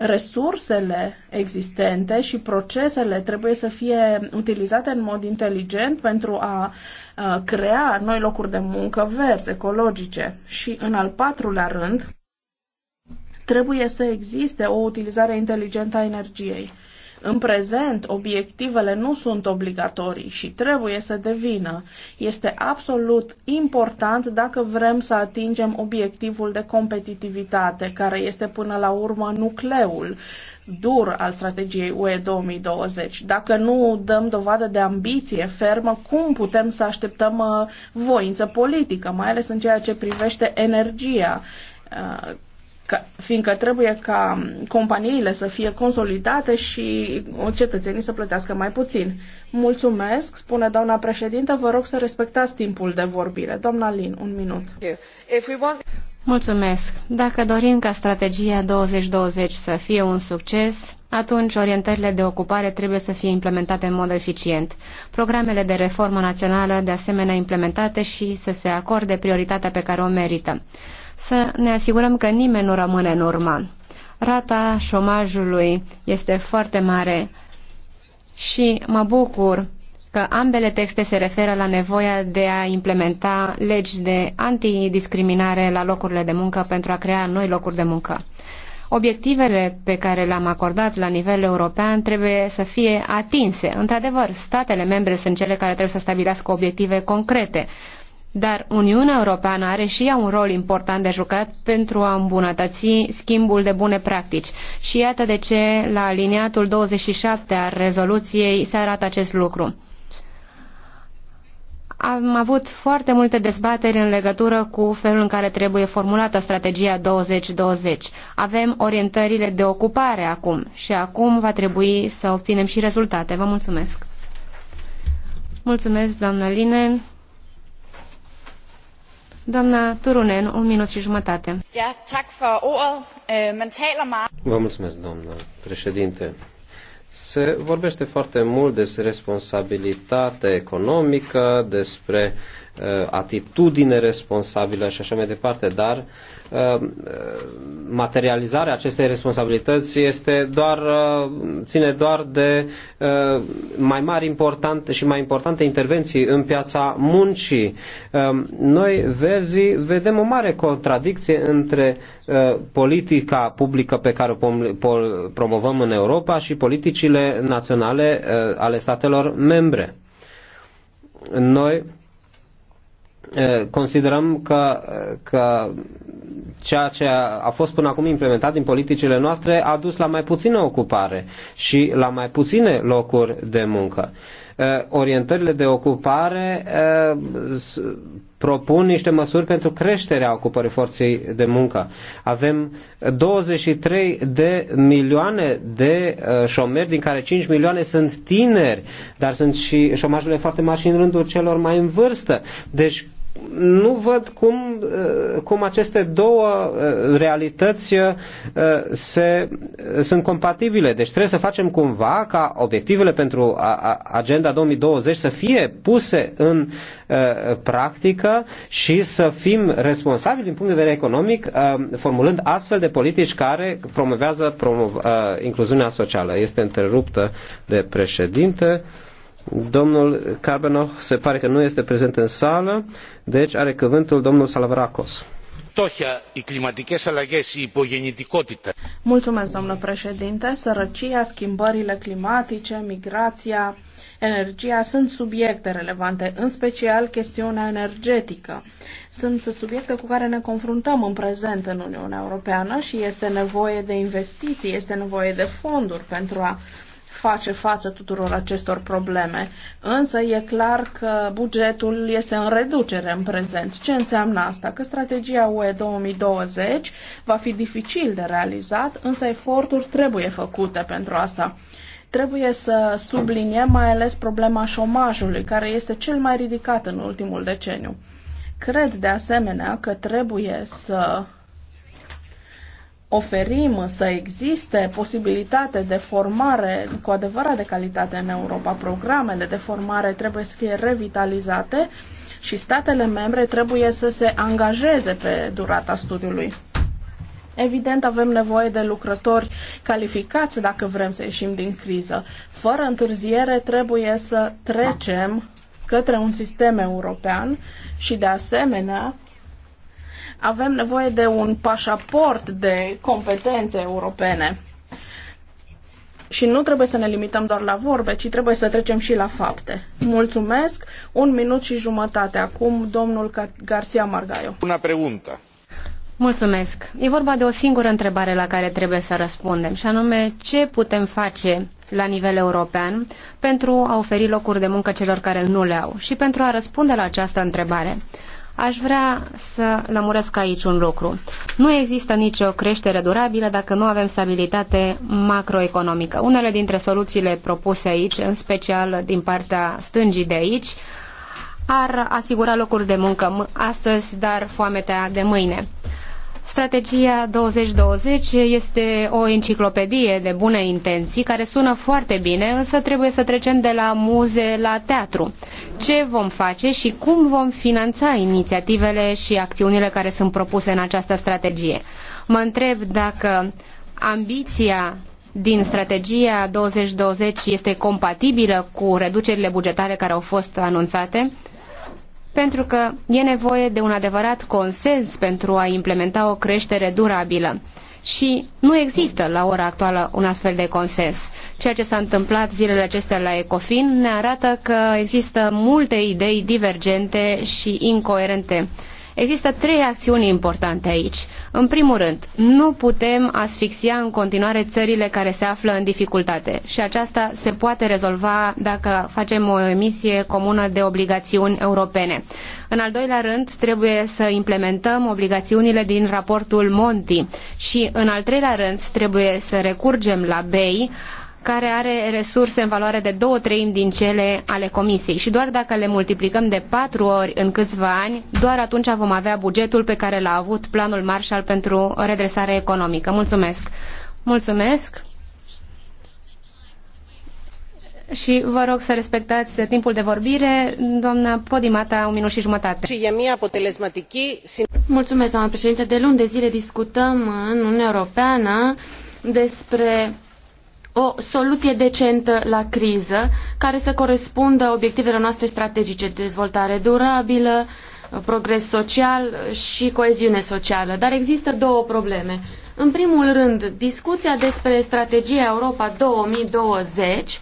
resursele existente și procesele trebuie să fie utilizate în mod inteligent pentru a crea noi locuri de muncă verzi, ecologice. Și în al patrulea rând, trebuie să existe o utilizare inteligentă a energiei. În prezent, obiectivele nu sunt obligatorii și trebuie să devină. Este absolut important dacă vrem să atingem obiectivul de competitivitate, care este până la urmă nucleul dur al strategiei UE 2020. Dacă nu dăm dovadă de ambiție fermă, cum putem să așteptăm uh, voință politică, mai ales în ceea ce privește energia? Uh, Că, fiindcă trebuie ca companiile să fie consolidate și cetățenii să plătească mai puțin. Mulțumesc, spune doamna președintă, vă rog să respectați timpul de vorbire. Doamna Lin, un minut. Mulțumesc. Dacă dorim ca strategia 2020 să fie un succes, atunci orientările de ocupare trebuie să fie implementate în mod eficient. Programele de reformă națională de asemenea implementate și să se acorde prioritatea pe care o merită să ne asigurăm că nimeni nu rămâne în urmă. Rata șomajului este foarte mare și mă bucur că ambele texte se referă la nevoia de a implementa legi de antidiscriminare la locurile de muncă pentru a crea noi locuri de muncă. Obiectivele pe care le-am acordat la nivel european trebuie să fie atinse. Într-adevăr, statele membre sunt cele care trebuie să stabilească obiective concrete, dar Uniunea Europeană are și ea un rol important de jucat pentru a îmbunătăți schimbul de bune practici. Și iată de ce la aliniatul 27 al rezoluției se arată acest lucru. Am avut foarte multe dezbateri în legătură cu felul în care trebuie formulată strategia 2020. Avem orientările de ocupare acum și acum va trebui să obținem și rezultate. Vă mulțumesc! Mulțumesc, doamnă Line! Doamna Turunen, un minut și jumătate. Øh, Vă mulțumesc, doamna președinte. Se vorbește foarte mult despre responsabilitate economică, despre uh, atitudine responsabilă și așa mai departe, dar Uh, materializarea acestei responsabilități este doar, uh, ține doar de uh, mai mari important și mai importante intervenții în piața muncii. Noi, vezi, vedem o mare contradicție între politica publică pe care o promovăm în Europa și politicile naționale ale statelor membre. Noi Eh, considerăm că, că ceea ce a fost până acum implementat din politicile noastre a dus la mai puțină ocupare și la mai puține locuri de muncă. Eh, orientările de ocupare eh, propun niște măsuri pentru creșterea ocupării forței de muncă. Avem 23 de milioane de șomeri, din care 5 milioane sunt tineri, dar sunt și șomajurile foarte mari și în rândul celor mai în vârstă. Deci nu văd cum, uh, cum aceste două uh, realități uh, se, sunt compatibile. Deci trebuie să facem cumva ca obiectivele pentru Agenda 2020 să fie puse în practică și să fim responsabili din punct de vedere economic, formulând astfel de politici care promovează promov, incluziunea socială. Este întreruptă de președinte. Domnul Carbenoch se pare că nu este prezent în sală, deci are cuvântul domnul Salvaracos. Mulțumesc, domnule președinte. Sărăcia, schimbările climatice, migrația, energia sunt subiecte relevante, în special chestiunea energetică. Sunt subiecte cu care ne confruntăm în prezent în Uniunea Europeană și este nevoie de investiții, este nevoie de fonduri pentru a face față tuturor acestor probleme. Însă e clar că bugetul este în reducere în prezent. Ce înseamnă asta? Că strategia UE 2020 va fi dificil de realizat, însă eforturi trebuie făcute pentru asta trebuie să subliniem mai ales problema șomajului, care este cel mai ridicat în ultimul deceniu. Cred de asemenea că trebuie să oferim să existe posibilitate de formare cu adevărat de calitate în Europa. Programele de formare trebuie să fie revitalizate și statele membre trebuie să se angajeze pe durata studiului. Evident, avem nevoie de lucrători calificați dacă vrem să ieșim din criză. Fără întârziere, trebuie să trecem către un sistem european și, de asemenea, avem nevoie de un pașaport de competențe europene. Și nu trebuie să ne limităm doar la vorbe, ci trebuie să trecem și la fapte. Mulțumesc. Un minut și jumătate. Acum, domnul Garcia Margaio. Una pregunta. Mulțumesc. E vorba de o singură întrebare la care trebuie să răspundem, și anume ce putem face la nivel european pentru a oferi locuri de muncă celor care nu le au și pentru a răspunde la această întrebare. Aș vrea să lămuresc aici un lucru. Nu există nicio creștere durabilă dacă nu avem stabilitate macroeconomică. Unele dintre soluțiile propuse aici, în special din partea stângii de aici, ar asigura locuri de muncă astăzi, dar foametea de mâine. Strategia 2020 este o enciclopedie de bune intenții care sună foarte bine, însă trebuie să trecem de la muze la teatru. Ce vom face și cum vom finanța inițiativele și acțiunile care sunt propuse în această strategie? Mă întreb dacă ambiția din strategia 2020 este compatibilă cu reducerile bugetare care au fost anunțate? pentru că e nevoie de un adevărat consens pentru a implementa o creștere durabilă. Și nu există la ora actuală un astfel de consens. Ceea ce s-a întâmplat zilele acestea la Ecofin ne arată că există multe idei divergente și incoerente. Există trei acțiuni importante aici. În primul rând, nu putem asfixia în continuare țările care se află în dificultate și aceasta se poate rezolva dacă facem o emisie comună de obligațiuni europene. În al doilea rând, trebuie să implementăm obligațiunile din raportul Monti și, în al treilea rând, trebuie să recurgem la BEI care are resurse în valoare de două treimi din cele ale Comisiei și doar dacă le multiplicăm de patru ori în câțiva ani, doar atunci vom avea bugetul pe care l-a avut planul Marshall pentru redresare economică. Mulțumesc! Mulțumesc! Și vă rog să respectați timpul de vorbire. Doamna Podimata, un minut și jumătate. Mulțumesc, doamna președinte. De luni de zile discutăm în Uniunea Europeană despre o soluție decentă la criză care să corespundă obiectivelor noastre strategice, dezvoltare durabilă, progres social și coeziune socială. Dar există două probleme. În primul rând, discuția despre strategia Europa 2020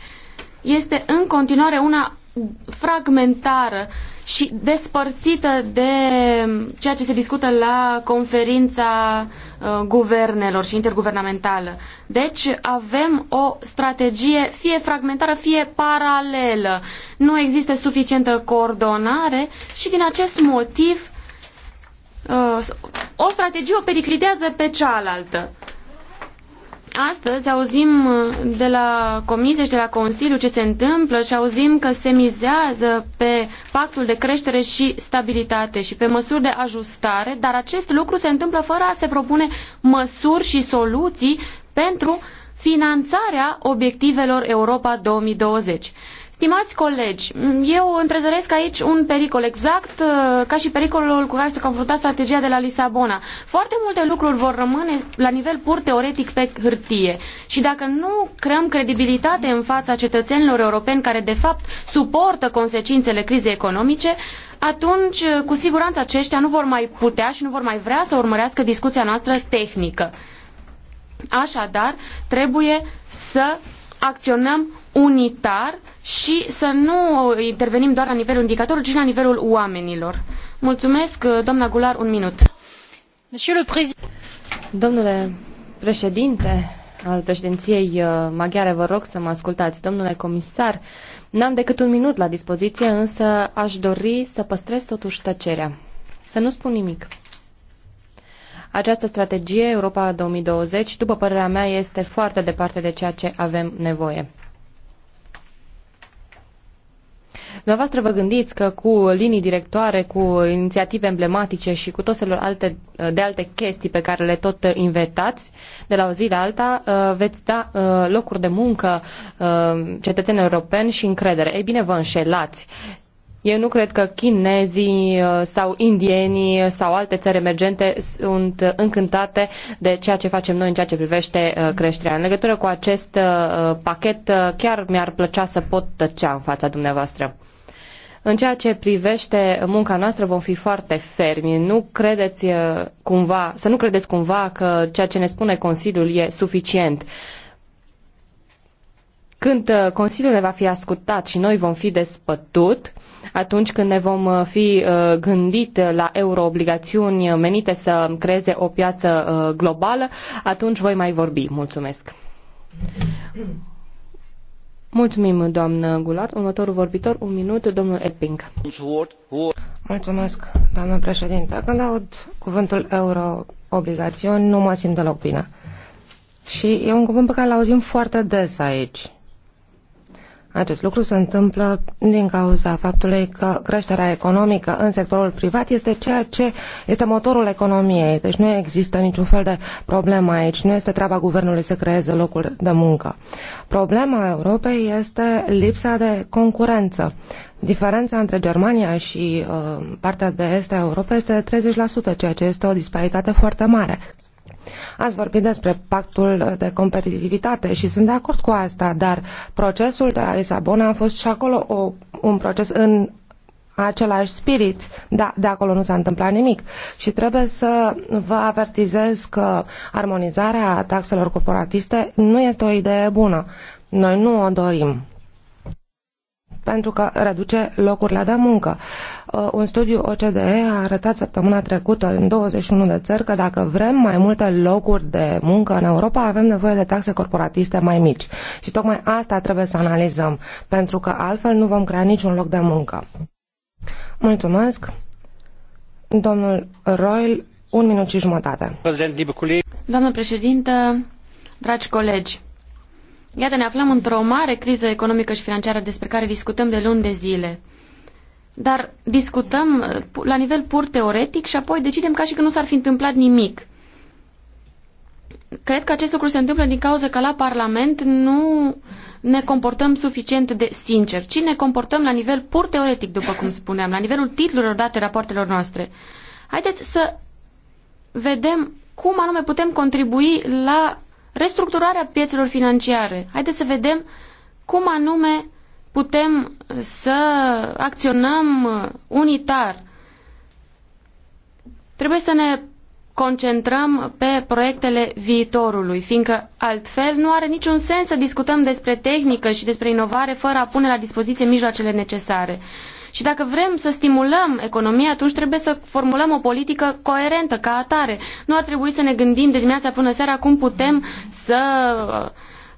este în continuare una fragmentară și despărțită de ceea ce se discută la conferința uh, guvernelor și interguvernamentală. Deci avem o strategie fie fragmentară, fie paralelă. Nu există suficientă coordonare și din acest motiv uh, o strategie o periclitează pe cealaltă. Astăzi auzim uh, de la Comisie și de la Consiliu ce se întâmplă și auzim că se mizează pe pactul de creștere și stabilitate și pe măsuri de ajustare, dar acest lucru se întâmplă fără a se propune măsuri și soluții pentru finanțarea obiectivelor Europa 2020. Stimați colegi, eu întrezăresc aici un pericol exact uh, ca și pericolul cu care se confrunta strategia de la Lisabona. Foarte multe lucruri vor rămâne la nivel pur teoretic pe hârtie și dacă nu creăm credibilitate în fața cetățenilor europeni care de fapt suportă consecințele crizei economice, atunci uh, cu siguranță aceștia nu vor mai putea și nu vor mai vrea să urmărească discuția noastră tehnică. Așadar, trebuie să acționăm unitar și să nu intervenim doar la nivelul indicatorului, ci la nivelul oamenilor. Mulțumesc, doamna Gular, un minut. Domnule președinte al președinției uh, maghiare, vă rog să mă ascultați. Domnule comisar, n-am decât un minut la dispoziție, însă aș dori să păstrez totuși tăcerea. Să nu spun nimic. Această strategie, Europa 2020, după părerea mea, este foarte departe de ceea ce avem nevoie. Dumneavoastră vă gândiți că cu linii directoare, cu inițiative emblematice și cu tot felul alte, de alte chestii pe care le tot inventați, de la o zi la alta uh, veți da uh, locuri de muncă uh, cetățenilor europeni și încredere. Ei bine, vă înșelați. Eu nu cred că chinezii sau indienii sau alte țări emergente sunt încântate de ceea ce facem noi în ceea ce privește creșterea. În legătură cu acest pachet, chiar mi-ar plăcea să pot tăcea în fața dumneavoastră. În ceea ce privește munca noastră vom fi foarte fermi. Nu credeți uh, cumva, să nu credeți cumva că ceea ce ne spune Consiliul e suficient. Când uh, Consiliul ne va fi ascultat și noi vom fi despătut, atunci când ne vom uh, fi gândit la euroobligațiuni menite să creeze o piață globală, atunci voi mai vorbi. Mulțumesc! Mulțumim, doamnă Gulard. Următorul vorbitor, un minut, domnul Epping. Mulțumesc, doamnă președinte. Când aud cuvântul euro-obligațiuni, nu mă simt deloc bine. Și e un cuvânt pe care l auzim foarte des aici. Acest lucru se întâmplă din cauza faptului că creșterea economică în sectorul privat este ceea ce este motorul economiei. Deci nu există niciun fel de problemă aici. Nu este treaba guvernului să creeze locuri de muncă. Problema Europei este lipsa de concurență. Diferența între Germania și uh, partea de est a Europei este de 30%, ceea ce este o disparitate foarte mare. Ați vorbit despre pactul de competitivitate și sunt de acord cu asta, dar procesul de la Lisabona a fost și acolo o, un proces în același spirit, dar de acolo nu s-a întâmplat nimic. Și trebuie să vă avertizez că armonizarea taxelor corporatiste nu este o idee bună. Noi nu o dorim pentru că reduce locurile de muncă. Uh, un studiu OCDE a arătat săptămâna trecută în 21 de țări că dacă vrem mai multe locuri de muncă în Europa, avem nevoie de taxe corporatiste mai mici. Și tocmai asta trebuie să analizăm, pentru că altfel nu vom crea niciun loc de muncă. Mulțumesc. Domnul Royal, un minut și jumătate. Doamnă președintă, dragi colegi, Iată, ne aflăm într-o mare criză economică și financiară despre care discutăm de luni de zile. Dar discutăm uh, la nivel pur teoretic și apoi decidem ca și că nu s-ar fi întâmplat nimic. Cred că acest lucru se întâmplă din cauza că la Parlament nu ne comportăm suficient de sincer, ci ne comportăm la nivel pur teoretic, după cum spuneam, la nivelul titlurilor date rapoartelor noastre. Haideți să vedem cum anume putem contribui la restructurarea piețelor financiare. Haideți să vedem cum anume putem să acționăm unitar. Trebuie să ne concentrăm pe proiectele viitorului, fiindcă altfel nu are niciun sens să discutăm despre tehnică și despre inovare fără a pune la dispoziție mijloacele necesare. Și dacă vrem să stimulăm economia, atunci trebuie să formulăm o politică coerentă ca atare. Nu ar trebui să ne gândim de dimineața până seara cum putem să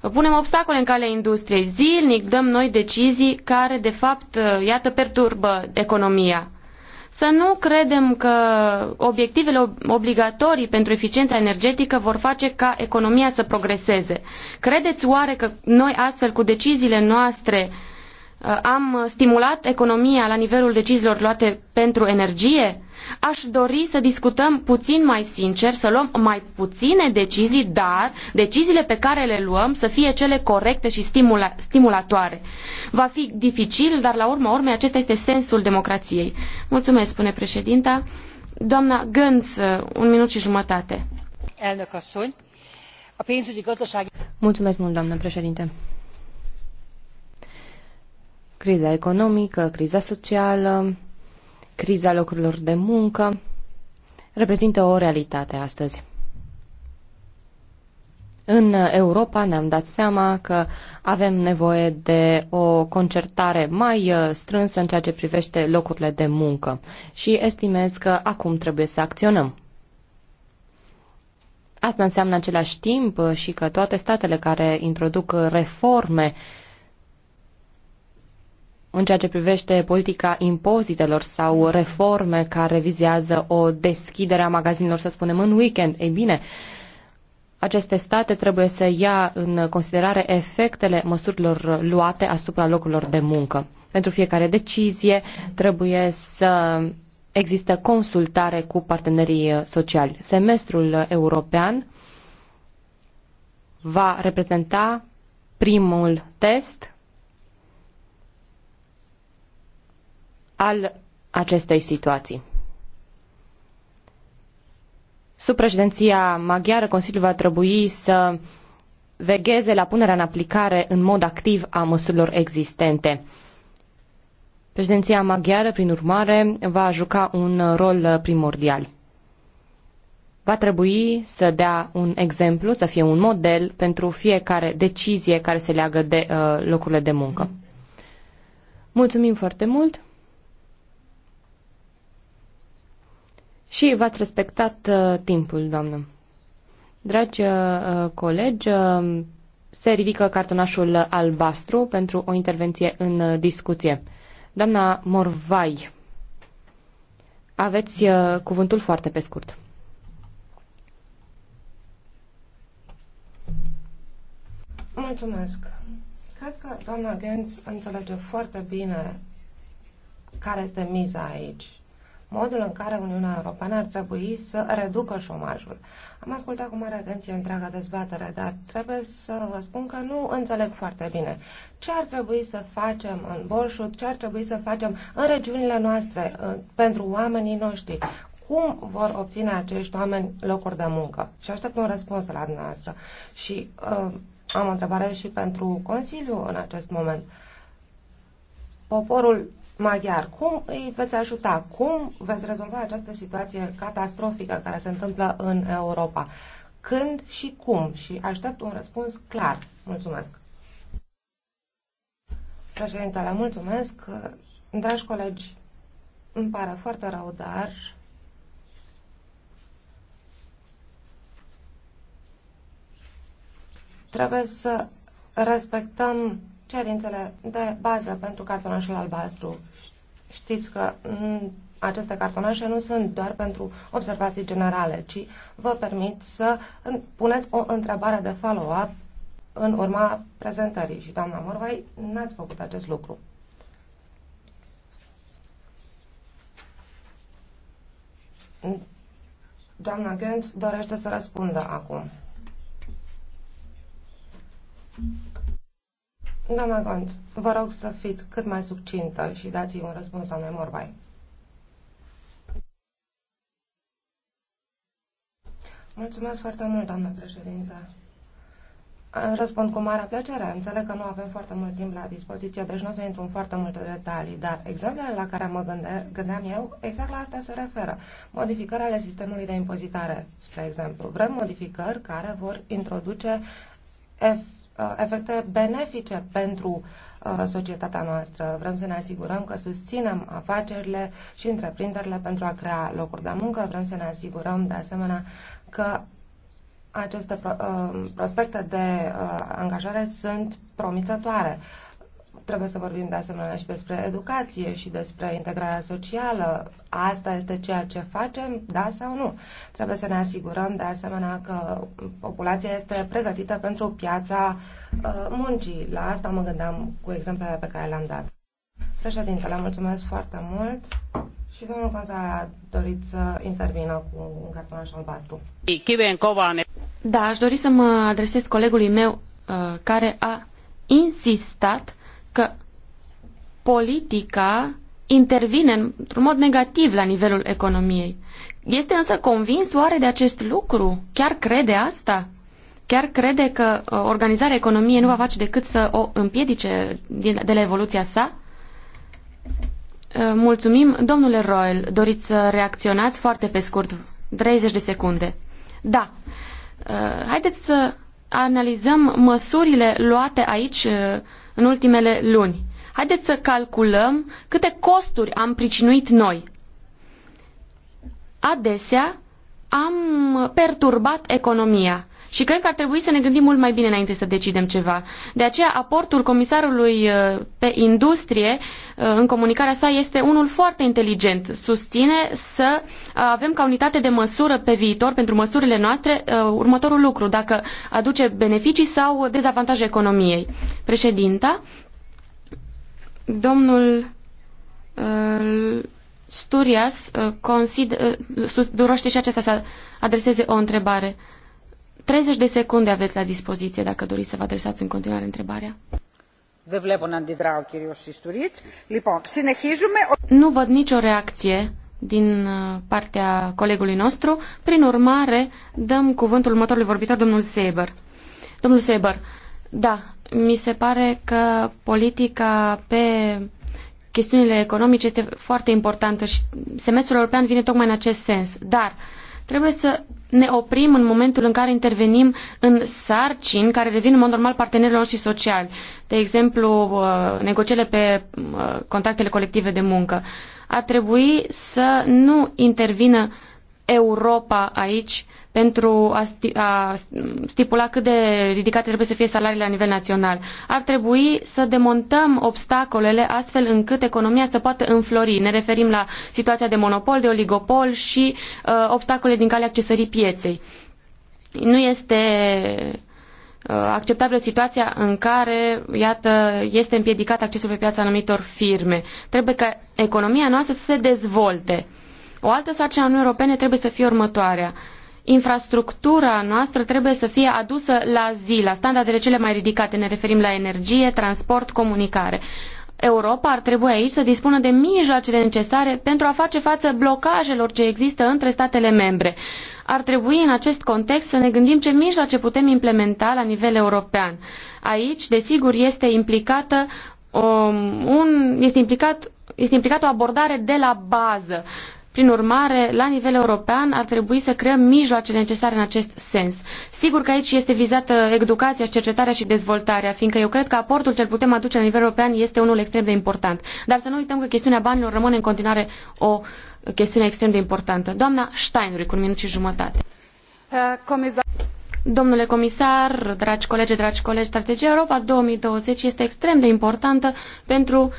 uh, punem obstacole în calea industriei. Zilnic dăm noi decizii care, de fapt, uh, iată, perturbă economia. Să nu credem că obiectivele obligatorii pentru eficiența energetică vor face ca economia să progreseze. Credeți oare că noi astfel, cu deciziile noastre, uh, Uh, am stimulat economia la nivelul deciziilor luate pentru energie? Aș dori să discutăm puțin mai sincer, să luăm mai puține decizii, dar deciziile pe care le luăm să fie cele corecte și stimula stimulatoare. Va fi dificil, dar la urma urmei acesta este sensul democrației. Mulțumesc, spune președinta. Doamna Gânz, un minut și jumătate. Mulțumesc mult, doamnă președinte criza economică, criza socială, criza locurilor de muncă, reprezintă o realitate astăzi. În Europa ne-am dat seama că avem nevoie de o concertare mai uh, strânsă în ceea ce privește locurile de muncă și estimez că acum trebuie să acționăm. Asta înseamnă în același timp și că toate statele care introduc reforme uh, în ceea ce privește politica impozitelor sau reforme care vizează o deschidere a magazinelor, să spunem, în weekend. Ei bine, aceste state trebuie să ia în considerare efectele măsurilor luate asupra locurilor de muncă. Pentru fiecare decizie trebuie să există consultare cu partenerii sociali. Semestrul european va reprezenta primul test al acestei situații. Sub președinția maghiară, Consiliul va trebui să vegheze la punerea în aplicare în mod activ a măsurilor existente. Președinția maghiară, prin urmare, va juca un rol primordial. Va trebui să dea un exemplu, să fie un model pentru fiecare decizie care se leagă de uh, locurile de muncă. Mulțumim foarte mult! Și v-ați respectat uh, timpul, doamnă. Dragi uh, uh, colegi, uh, se ridică cartonașul albastru pentru o intervenție în uh, discuție. Doamna Morvai, aveți uh, cuvântul foarte pe scurt. Mulțumesc. Cred că doamna Gens înțelege foarte bine care este miza aici modul în care Uniunea Europeană ar trebui să reducă șomajul. Am ascultat cu mare atenție întreaga dezbatere, dar trebuie să vă spun că nu înțeleg foarte bine ce ar trebui să facem în Borșut, ce ar trebui să facem în regiunile noastre pentru oamenii noștri, cum vor obține acești oameni locuri de muncă. Și aștept un răspuns la dumneavoastră. Și uh, am o întrebare și pentru Consiliu în acest moment. Poporul maghiar. Cum îi veți ajuta? Cum veți rezolva această situație catastrofică care se întâmplă în Europa? Când și cum? Și aștept un răspuns clar. Mulțumesc. Președintele, mulțumesc. Dragi colegi, îmi pare foarte rău, dar trebuie să respectăm cerințele de bază pentru cartonașul albastru. Știți că mm, aceste cartonașe nu sunt doar pentru observații generale, ci vă permit să puneți o întrebare de follow-up în urma prezentării. Și, doamna Morvai, n-ați făcut acest lucru. Doamna Gens dorește să răspundă acum. Doamna Gonț, vă rog să fiți cât mai succintă și dați i un răspuns la Morvai. Mulțumesc foarte mult, doamnă președinte. Răspund cu mare plăcere. Înțeleg că nu avem foarte mult timp la dispoziție, deci nu o să intru în foarte multe detalii, dar exemplele la care mă gânde- gândeam eu, exact la asta se referă. Modificări ale sistemului de impozitare, spre exemplu. Vrem modificări care vor introduce F Uh, efecte benefice pentru uh, societatea noastră. Vrem să ne asigurăm că susținem afacerile și întreprinderile pentru a crea locuri de muncă. Vrem să ne asigurăm, de asemenea, că aceste uh, prospecte de angajare sunt promițătoare. Trebuie să vorbim de asemenea și despre educație și despre integrarea socială. Asta este ceea ce facem, da sau nu? Trebuie să ne asigurăm de asemenea că populația este pregătită pentru piața uh, muncii. La asta mă gândeam cu exemplele pe care le-am dat. le mulțumesc foarte mult. Și domnul consar a dorit să intervină cu un cartonaș albastru. Da, aș dori să mă adresez colegului meu uh, care a insistat că politica intervine într-un mod negativ la nivelul economiei. Este însă convins oare de acest lucru? Chiar crede asta? Chiar crede că uh, organizarea economiei nu va face decât să o împiedice de la evoluția sa? Uh, mulțumim. Domnule Royal, doriți să reacționați foarte pe scurt, 30 de secunde. Da. Uh, haideți să analizăm măsurile luate aici uh, în ultimele luni. Haideți să calculăm câte costuri am pricinuit noi. Adesea am perturbat economia. Și cred că ar trebui să ne gândim mult mai bine înainte să decidem ceva. De aceea, aportul comisarului uh, pe industrie uh, în comunicarea sa este unul foarte inteligent. Susține să uh, avem ca unitate de măsură pe viitor pentru măsurile noastre următorul lucru, dacă aduce beneficii sau dezavantaje economiei. Președinta, domnul Sturias consider, și acesta să adreseze o întrebare. 30 de secunde aveți la dispoziție dacă doriți să vă adresați în continuare întrebarea. Nu văd nicio reacție din uh, partea colegului nostru. Prin urmare, dăm cuvântul următorului vorbitor, domnul Seber. Domnul Seber, da, mi se pare că politica pe chestiunile economice este foarte importantă și semestrul european vine tocmai în acest sens. Dar uh, Trebuie să ne oprim în momentul în care intervenim în sarcini care revin în mod normal partenerilor și sociali. De exemplu, uh, negocierile pe uh, contractele colective de muncă. A trebui să nu intervină Europa aici uh, pentru a, sti a stipula cât de ridicate trebuie să fie salariile la nivel național. Ar trebui să demontăm obstacolele astfel încât economia să poată înflori. Ne referim la situația de monopol, de oligopol și uh, obstacole din calea accesării pieței. Nu este uh, acceptabilă situația în care, iată, este împiedicat accesul pe piața anumitor firme. Trebuie ca economia noastră să se dezvolte. O altă sarcină a Uniunii Europene trebuie să fie următoarea. Uh, infrastructura noastră trebuie să fie adusă la zi, la standardele cele mai ridicate. Ne referim la energie, transport, comunicare. Europa ar trebui aici să dispună de mijloacele necesare pentru a face față blocajelor ce există între statele membre. Ar trebui în acest context să ne gândim ce mijloace putem implementa la nivel european. Aici, desigur, este implicată um, un, este implicat, este implicată o abordare de la bază. Prin urmare, la nivel european ar trebui să creăm mijloacele necesare în acest sens. Sigur că aici este vizată educația, cercetarea și dezvoltarea, fiindcă eu cred că aportul ce putem aduce la nivel european este unul extrem de important. Dar să nu uităm că chestiunea banilor rămâne în continuare o chestiune extrem de importantă. Doamna Steinrück, un minut și jumătate. Comisar. Domnule comisar, dragi colegi, dragi colegi, strategia Europa 2020 este extrem de importantă pentru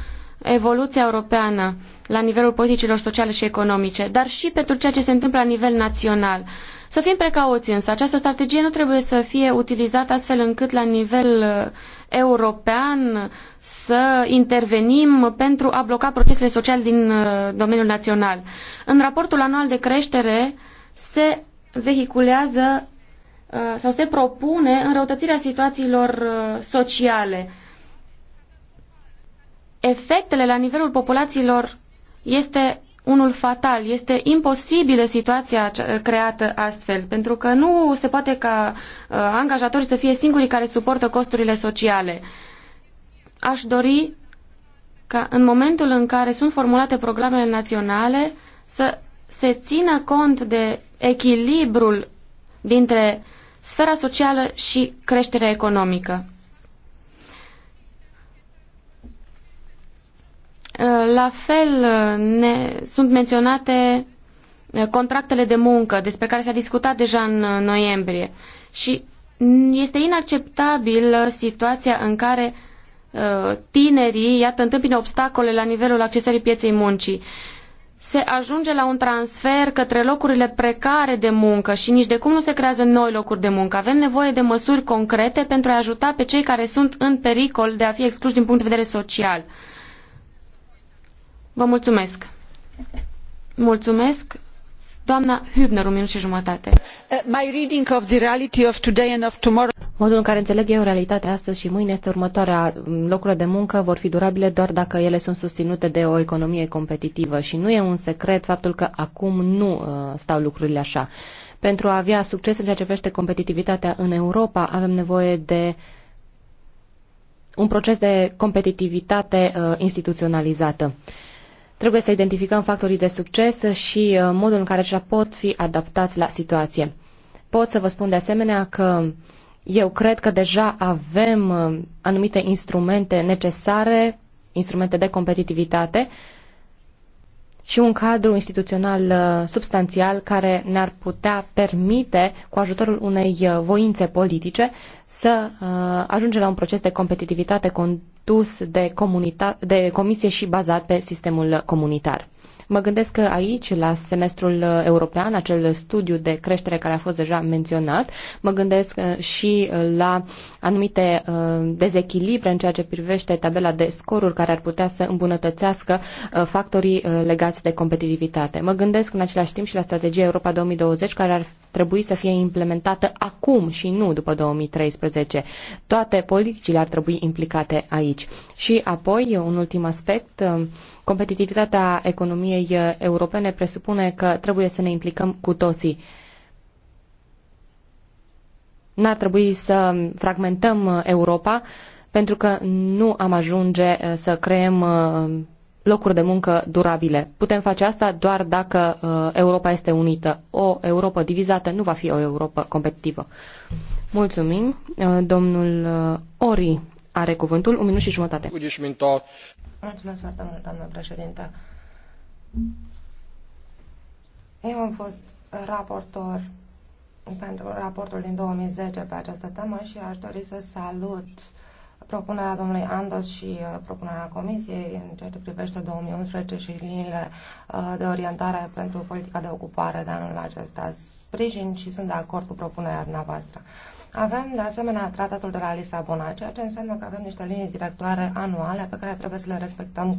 evoluția europeană la nivelul politicilor sociale și economice, dar și pentru ceea ce se întâmplă la nivel național. Să fim precauți însă, această strategie nu trebuie să fie utilizată astfel încât la nivel uh, european să intervenim pentru a bloca procesele sociale din uh, domeniul național. În raportul anual de creștere se vehiculează uh, sau se propune înrăutățirea situațiilor sociale efectele la nivelul populațiilor este unul fatal. Este imposibilă situația creată astfel, pentru că nu se poate ca uh, angajatorii să fie singurii care suportă costurile sociale. Aș dori ca în momentul în care sunt formulate programele naționale să se țină cont de echilibrul dintre sfera socială și creșterea economică. Eh, la fel eh, ne, sunt menționate eh, contractele de muncă, despre care s-a discutat deja în noiembrie. Și este inacceptabilă situația în care tinerii, iată, întâmpină obstacole la nivelul accesării pieței muncii. Se ajunge la un transfer către locurile precare de muncă și nici de cum nu se creează noi locuri de muncă. Avem nevoie de măsuri concrete pentru a ajuta pe cei care sunt în pericol de a fi excluși din punct de vedere social. Uh, Vă mulțumesc. Mulțumesc. Doamna Hübner, un minut și jumătate. Uh, my reading of the reality of today and of tomorrow. Modul în care înțeleg eu realitatea astăzi și mâine este următoarea. Locurile de muncă vor fi durabile doar dacă ele sunt susținute de o economie competitivă și nu e un secret faptul că acum nu uh, stau lucrurile așa. Pentru a avea succes în ceea ce privește competitivitatea în Europa, avem nevoie de un proces de competitivitate uh, instituționalizată. Trebuie să identificăm factorii de succes și uh, modul în care aceștia pot fi adaptați la situație. Pot să vă spun de asemenea că eu cred că deja avem uh, anumite instrumente necesare, instrumente de competitivitate și un cadru instituțional uh, substanțial care ne-ar putea permite, cu ajutorul unei voințe politice, să ajungem la un proces de competitivitate dus de, de comisie și bazat pe sistemul comunitar. Mă gândesc că aici, la semestrul uh, european, acel studiu de creștere care a fost deja menționat, mă gândesc uh, și uh, la anumite dezechilibre în ceea ce privește tabela de scoruri care ar putea să îmbunătățească factorii legați de competitivitate. Mă gândesc în același timp și la strategia Europa 2020 care ar trebui să fie implementată acum și nu după 2013. Toate politicile ar trebui implicate aici. Și apoi, un ultim aspect, Competitivitatea economiei eh, europene presupune că trebuie să ne implicăm cu toții. N-ar trebui să fragmentăm eh, Europa pentru că nu am ajunge eh, să creăm locuri de muncă durabile. Putem face asta doar dacă Europa este unită. O Europa divizată nu va fi o Europa competitivă. Mulțumim, domnul Ori are cuvântul un minut și jumătate. Mulțumesc foarte mult, doamnă președinte. Eu am fost raportor pentru raportul din 2010 pe această temă și aș dori să salut uh, propunerea domnului Andos și uh, propunerea Comisiei în ceea ce privește 2011 și liniile uh, de orientare pentru politica de ocupare de anul acesta. Sprijin și sunt de acord cu propunerea dumneavoastră. Avem, de asemenea, tratatul de la Lisabona, ceea ce înseamnă că avem niște linii directoare anuale pe care trebuie să le respectăm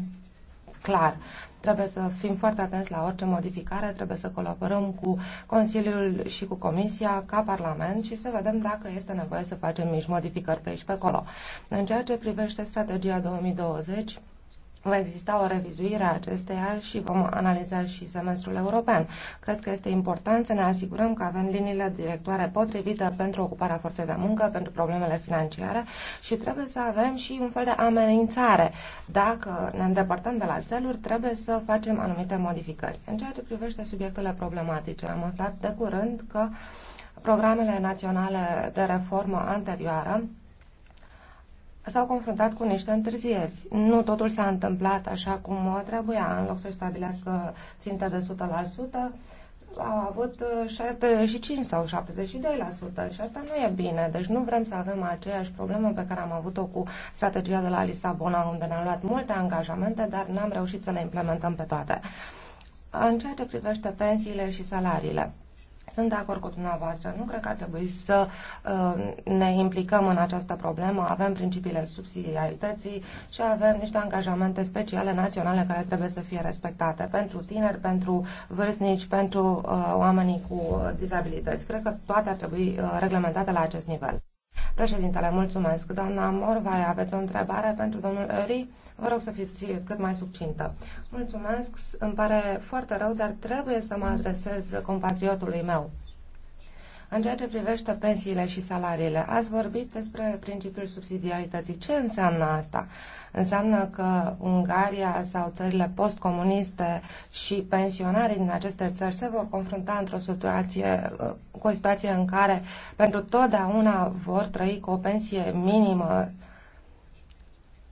clar. Trebuie să fim foarte atenți la orice modificare, trebuie să colaborăm cu Consiliul și cu Comisia ca Parlament și să vedem dacă este nevoie să facem mici modificări pe aici pe acolo. În ceea ce privește strategia 2020, va exista o revizuire a acesteia și vom analiza și semestrul european. Cred că este important să ne asigurăm că avem liniile directoare potrivite pentru ocuparea forței de muncă, pentru problemele financiare și trebuie să avem și un fel de amenințare. Dacă ne îndepărtăm de la țeluri, trebuie să facem anumite modificări. În ceea ce privește subiectele problematice, am aflat de curând că programele naționale de reformă anterioară s-au confruntat cu niște întârzieri. Nu totul s-a întâmplat așa cum trebuia. În loc să stabilească ținta de 100%, au avut 75 uh, sau 72% și asta nu e bine. Deci nu vrem să avem aceeași problemă pe care am avut-o cu strategia de la Lisabona, unde ne-am luat multe angajamente, dar n-am reușit să le implementăm pe toate. În ceea ce privește pensiile și salariile, sunt de acord cu dumneavoastră. Nu cred că ar trebui să uh, ne implicăm în această problemă. Avem principiile subsidiarității și avem niște angajamente speciale naționale care trebuie să fie respectate pentru tineri, pentru vârstnici, pentru uh, oamenii cu uh, dizabilități. Cred că toate ar trebui reglementate la acest nivel. Președintele, mulțumesc. Doamna Morvai, aveți o întrebare pentru domnul Eri? Vă rog să fiți cât mai succintă. Mulțumesc, îmi pare foarte rău, dar trebuie să mă adresez compatriotului meu. În ceea ce privește pensiile și salariile, ați vorbit despre principiul subsidiarității. Ce înseamnă asta? Înseamnă că Ungaria sau țările postcomuniste și pensionarii din aceste țări se vor confrunta într-o situație, uh, cu o situație în care pentru totdeauna vor trăi cu o pensie minimă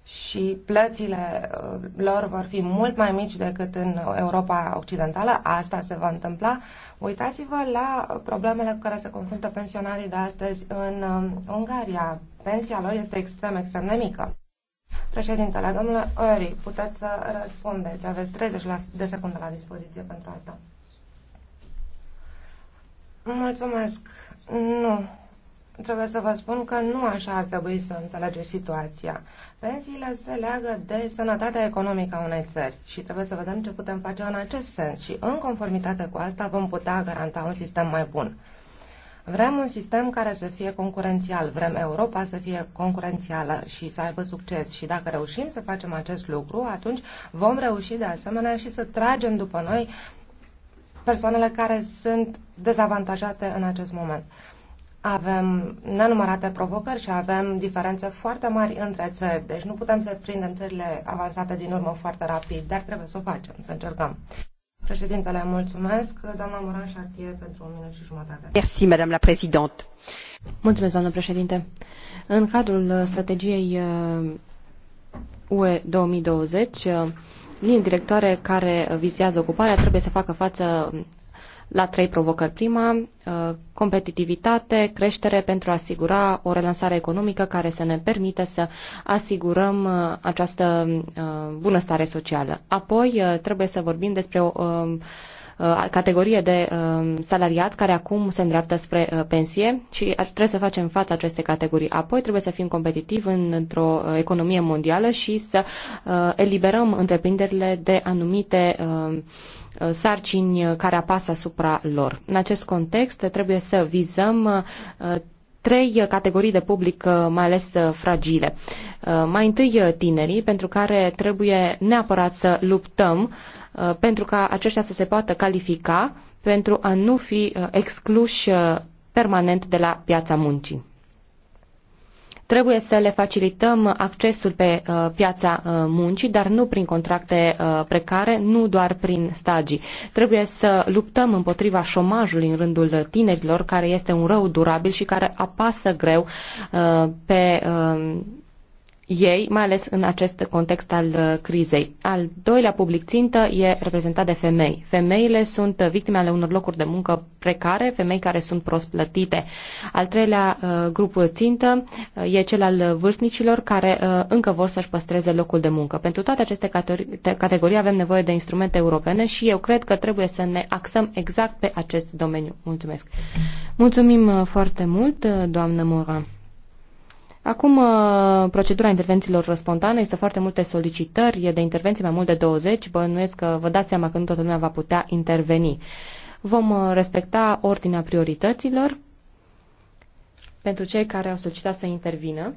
și plățile uh, lor vor fi mult mai mici decât în Europa Occidentală. Asta se va întâmpla Uitați-vă la problemele cu care se confruntă pensionarii de astăzi în um, Ungaria. Pensia lor este extrem, extrem de mică. Președintele, domnule Ori, puteți să răspundeți. Aveți 30 de secunde la dispoziție pentru asta. Mulțumesc. Nu trebuie să vă spun că nu așa ar trebui să înțelegeți situația. Pensiile se leagă de sănătatea economică a unei țări și trebuie să vedem ce putem face în acest sens și în conformitate cu asta vom putea garanta un sistem mai bun. Vrem un sistem care să fie concurențial, vrem Europa să fie concurențială și să aibă succes și dacă reușim să facem acest lucru, atunci vom reuși de asemenea și să tragem după noi persoanele care sunt dezavantajate în acest moment avem nenumărate provocări și avem diferențe foarte mari între țări, deci nu putem să prindem țările avansate din urmă foarte rapid, dar trebuie să o facem, să încercăm. Președintele, mulțumesc. Doamna Moran Chartier, pentru un minut și jumătate. Merci, madame la présidente. Mulțumesc, doamnă președinte. În cadrul strategiei uh, UE 2020, uh, linii directoare care vizează ocuparea trebuie să facă față la trei provocări. Prima, uh, competitivitate, creștere pentru a asigura o relansare economică care să ne permite să asigurăm uh, această uh, bunăstare socială. Apoi, trebuie să vorbim despre o um, categorie de um, salariați care acum se îndreaptă spre pensie și trebuie să facem față acestei categorii. Apoi trebuie să fim competitivi într-o economie mondială și să eliberăm întreprinderile de anumite um, Uh, sarcini uh, care apasă asupra lor. În acest context uh, trebuie să vizăm trei categorii de public, mai ales fragile. Mai întâi tinerii, pentru care trebuie neapărat să luptăm pentru ca aceștia să se poată califica pentru a nu fi excluși permanent de la piața muncii. Trebuie să le facilităm accesul pe uh, piața uh, muncii, dar nu prin contracte uh, precare, nu doar prin stagii. Trebuie să luptăm împotriva șomajului în rândul tinerilor, care este un rău durabil și care apasă greu pe ei, mai ales în acest context al uh, crizei. Al doilea public țintă e reprezentat de femei. Femeile sunt victime ale unor locuri de muncă precare, femei care sunt prost plătite. Al treilea uh, grup țintă uh, e cel al vârstnicilor care încă vor să-și păstreze locul de muncă. Pentru toate aceste categorii avem nevoie de instrumente europene și eu cred că trebuie să ne axăm exact pe acest domeniu. Mulțumesc! Mulțumim foarte mult, doamnă Moran. Acum, uh, procedura intervențiilor spontane este foarte multe solicitări de intervenții, mai mult de 20, bănuiesc că vă dați seama că nu toată lumea va putea interveni. Vom uh, respecta ordinea priorităților pentru cei care au solicitat să intervină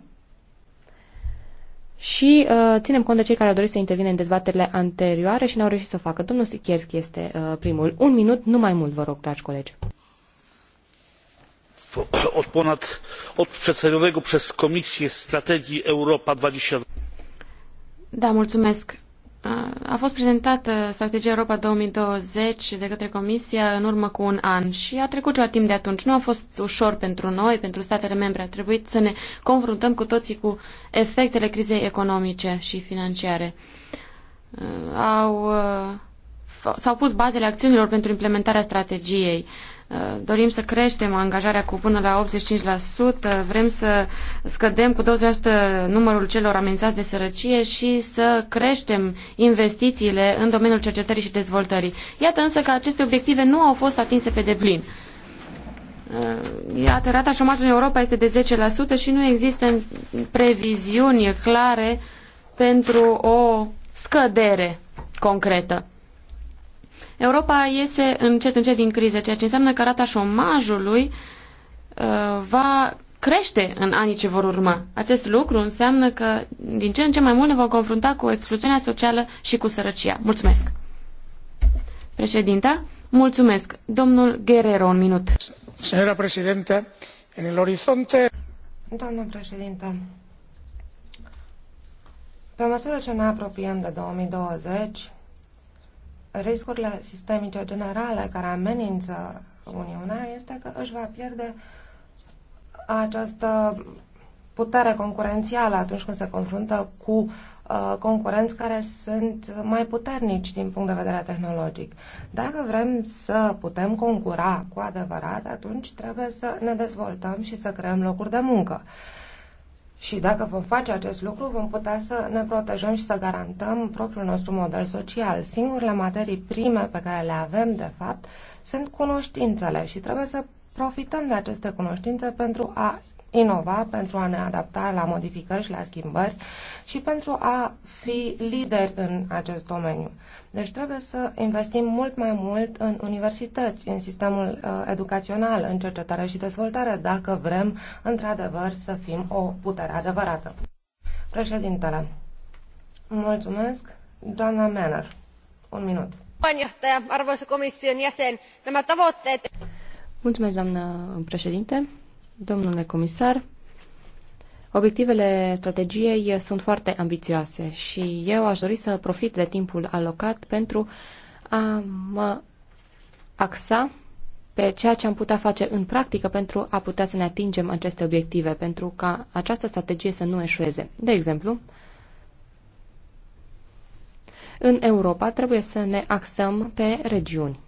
și uh, ținem cont de cei care au dorit să intervine în dezbaterile anterioare și n-au reușit să o facă. Domnul Sikierski este uh, primul. Un minut, nu mai mult, vă rog, dragi colegi od przedstawionego przez komisję strategii europa. două da, mulțumesc. A fost prezentată strategia Europa 2020 de către Comisia în urmă cu un an și a trecut ceva timp de atunci. Nu a fost ușor pentru noi, pentru statele membre. A trebuit să ne confruntăm cu toții cu efectele crizei economice și financiare. Au, s-au pus bazele acțiunilor pentru implementarea strategiei. Uh, Uh, dorim să creștem angajarea cu până la 85%, vrem să scădem cu 20% numărul celor amenințați de sărăcie și să creștem investițiile în domeniul cercetării și dezvoltării. Iată însă că aceste obiective nu au fost atinse pe deplin. Uh, iată, rata șomajului în Europa este de 10% și nu există previziuni clare pentru o scădere concretă. Europa iese încet, încet din criză, ceea ce înseamnă că rata șomajului uh, va crește în anii ce vor urma. Acest lucru înseamnă că din ce în ce mai mult ne vom confrunta cu excluziunea socială și cu sărăcia. Mulțumesc! Președinta, mulțumesc. Domnul Guerrero, un minut. Senora președinte, în el orizonte... Doamnă președinte, pe măsură ce ne apropiem de 2020, riscurile sistemice generale care amenință Uniunea este că își va pierde această putere concurențială atunci când se confruntă cu uh, concurenți care sunt mai puternici din punct de vedere tehnologic. Dacă vrem să putem concura cu adevărat, atunci trebuie să ne dezvoltăm și să creăm locuri de muncă. Și dacă vom face acest lucru, vom putea să ne protejăm și să garantăm propriul nostru model social. Singurele materii prime pe care le avem, de fapt, sunt cunoștințele și trebuie să profităm de aceste cunoștințe pentru a inova, pentru a ne adapta la modificări și la schimbări și pentru a fi lideri în acest domeniu. Deci trebuie să investim mult mai mult în universități, în sistemul uh, educațional, în cercetare și dezvoltare, dacă vrem într-adevăr să fim o putere adevărată. Președintele, mulțumesc. Doamna Menar, un minut. Arvoisa komission jäsen, nämä tavoitteet... Mulțumesc, doamnă președinte, domnule comisar, Obiectivele strategiei sunt foarte ambițioase și eu aș dori să profit de timpul alocat pentru a mă axa pe ceea ce am putea face în practică pentru a putea să ne atingem aceste obiective, pentru ca această strategie să nu eșueze. De exemplu, în Europa trebuie să ne axăm pe regiuni.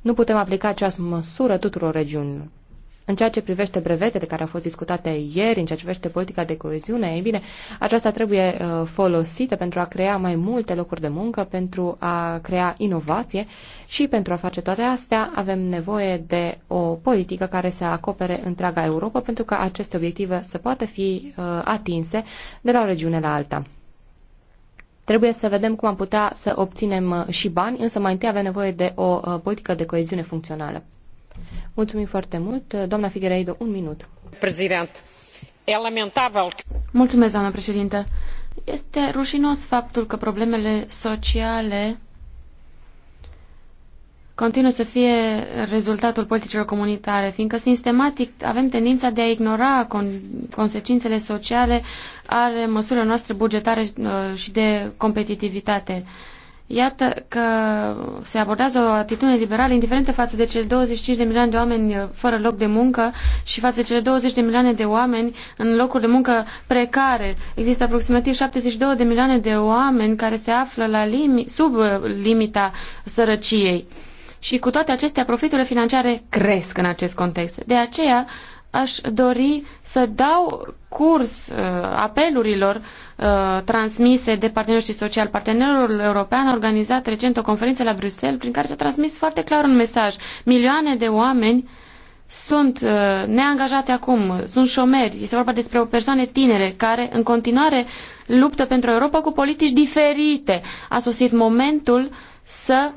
Nu putem aplica această măsură tuturor regiunilor. În ceea ce privește brevetele care au fost discutate ieri, în ceea ce privește politica de coeziune, e bine, aceasta trebuie uh, folosită pentru a crea mai multe locuri de muncă, pentru a crea inovație și pentru a face toate astea avem nevoie de o politică care să acopere întreaga Europa pentru ca aceste obiective să poată fi uh, atinse de la o regiune la alta. Trebuie să vedem cum am putea să obținem uh, și bani, însă mai întâi avem nevoie de o politică de coeziune funcțională. Mulțumim foarte mult. Doamna Figueiredo, un minut. Prezident, e lamentabil. Mulțumesc, doamna președintă. Este rușinos faptul că problemele sociale continuă să fie rezultatul politicilor comunitare, fiindcă sistematic avem tendința de a ignora con- consecințele sociale ale măsurilor noastre bugetare uh, și de competitivitate. Uh, Iată că se abordează o atitudine liberală indiferentă față de cele 25 de milioane de oameni fără loc de muncă și față de cele 20 de milioane de oameni în locuri de muncă precare. Există aproximativ 72 de milioane de oameni care se află la limi, sub limita sărăciei. Și cu toate acestea, profiturile financiare cresc în acest context. De aceea, aș dori să dau curs uh, apelurilor uh, transmise de partenerii și social. Partenerul european a organizat recent o conferință la Bruxelles prin care s-a transmis foarte clar un mesaj. Milioane de oameni sunt uh, neangajați acum, sunt șomeri. Este vorba despre o persoane tinere care în continuare luptă pentru Europa cu politici diferite. A sosit momentul să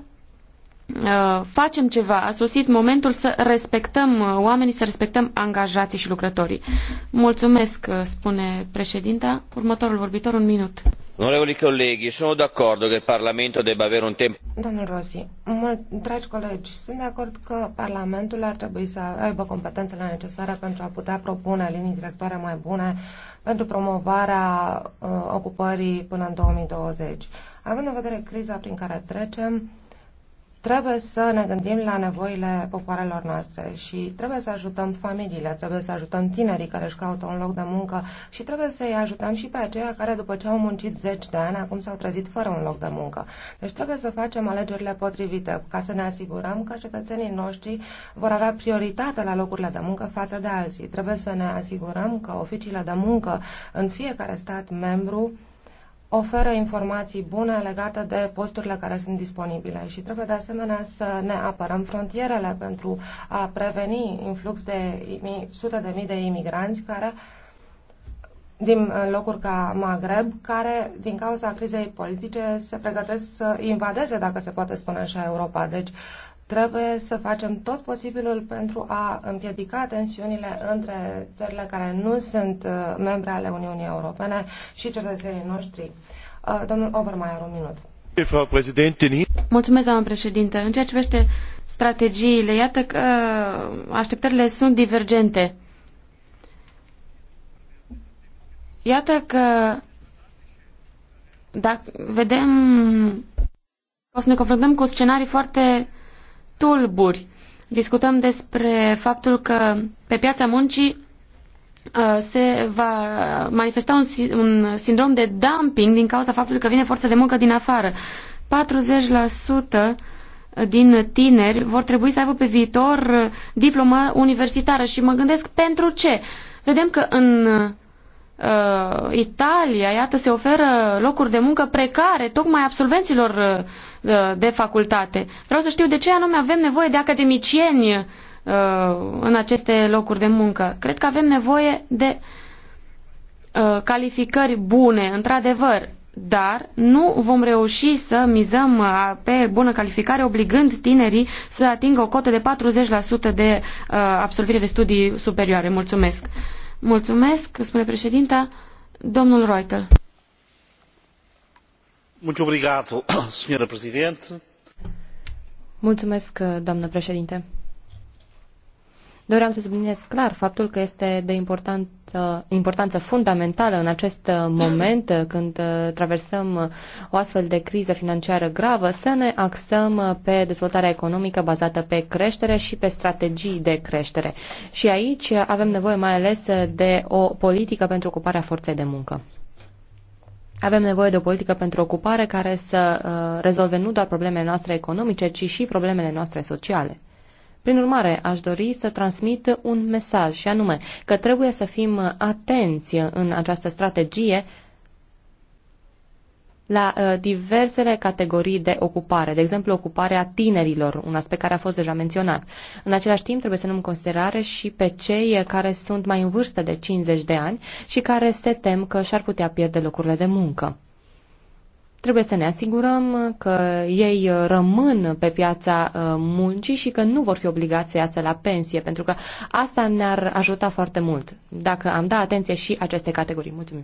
Uh, facem ceva. A sosit momentul să respectăm uh, oamenii, să respectăm angajații și lucrătorii. Mulțumesc, uh, spune președinta. Următorul vorbitor, un minut. Onorevoli colegi, sono d'accordo che il Parlamento debba avere un tempo. Domnul Rosi, mult, dragi colegi, sunt de acord că Parlamentul ar trebui să aibă competențele necesare pentru a putea propune linii directoare mai bune pentru promovarea uh, ocupării până în 2020. Având în vedere criza prin care trecem, uh, Trebuie să ne gândim la nevoile popoarelor noastre și trebuie să ajutăm familiile, trebuie să ajutăm tinerii care își caută un loc de muncă și trebuie să îi ajutăm și pe aceia care după ce au muncit 10 de ani acum s-au trezit fără un loc de muncă. Deci trebuie să facem alegerile potrivite ca să ne asigurăm că cetățenii noștri vor avea prioritate la locurile de muncă față de alții. Trebuie să ne asigurăm că oficiile de muncă în fiecare stat membru oferă informații bune legate de posturile care sunt disponibile și trebuie de asemenea să ne apărăm frontierele pentru a preveni influx de sute de mii de imigranți care din locuri ca Maghreb, care, din cauza crizei politice, se pregătesc să invadeze, dacă se poate spune așa, Europa. Deci, Trebuie să facem tot posibilul pentru a împiedica tensiunile între țările care nu sunt uh, membre ale Uniunii Europene și cetățenii noștri. Uh, domnul Obermeier, un minut. Mulțumesc, doamnă președinte. În ceea ce vește strategiile, iată că așteptările sunt divergente. Iată că dacă vedem o să ne confruntăm cu scenarii foarte tulburi. Discutăm despre faptul că pe piața muncii uh, se va manifesta un, un sindrom de dumping din cauza faptului că vine forță de muncă din afară. 40% din tineri vor trebui să aibă pe viitor diploma universitară și mă gândesc pentru ce. Vedem că în uh, Italia, iată, se oferă locuri de muncă precare tocmai absolvenților uh, Uh, de facultate. Vreau să știu de ce anume avem nevoie de academicieni uh, în aceste locuri de muncă. Cred că avem nevoie de uh, calificări bune, într-adevăr, dar nu vom reuși să mizăm pe bună calificare obligând tinerii să atingă o cotă de 40% de absolvire de studii superioare. Mulțumesc! Mulțumesc, spune președinta, domnul Reutel. președinte. Doream să subliniez clar faptul că este de importanță fundamentală în acest moment când uh, traversăm o astfel de criză financiară gravă să ne axăm pe dezvoltarea economică bazată pe creștere și pe strategii de creștere. Și aici avem nevoie mai ales de o politică pentru ocuparea forței de muncă. Avem nevoie de o politică pentru ocupare care să uh, rezolve nu doar problemele noastre economice, ci și problemele noastre sociale. Prin urmare, aș dori să transmit un mesaj și anume că trebuie să fim atenți în această strategie la uh, diversele categorii de ocupare, de exemplu ocuparea tinerilor, un aspect care a fost deja menționat. În același timp trebuie să luăm în considerare și pe cei care sunt mai în vârstă de 50 de ani și care se tem că și-ar putea pierde locurile de muncă. Trebuie să ne asigurăm că ei uh, rămân pe piața uh, muncii și că nu vor fi obligați să iasă la pensie, pentru că asta ne-ar ajuta foarte mult, dacă am dat atenție și aceste categorii. Mulțumim!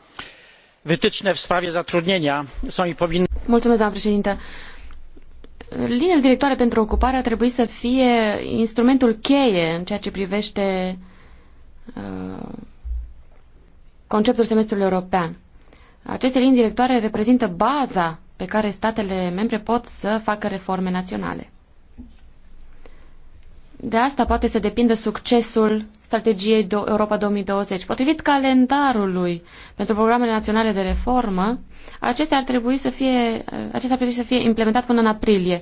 wytyczne w sprawie zatrudnienia są i powinny. Liniile directoare pentru ocupare ar trebui să fie instrumentul cheie în ceea ce privește uh, conceptul semestrului european. Aceste linii directoare reprezintă baza pe care statele membre pot să facă reforme naționale. De asta poate să depindă succesul strategiei Europa 2020. Potrivit calendarului pentru programele naționale de reformă, acestea ar trebui să fie, acestea ar trebui să fie implementat până în aprilie.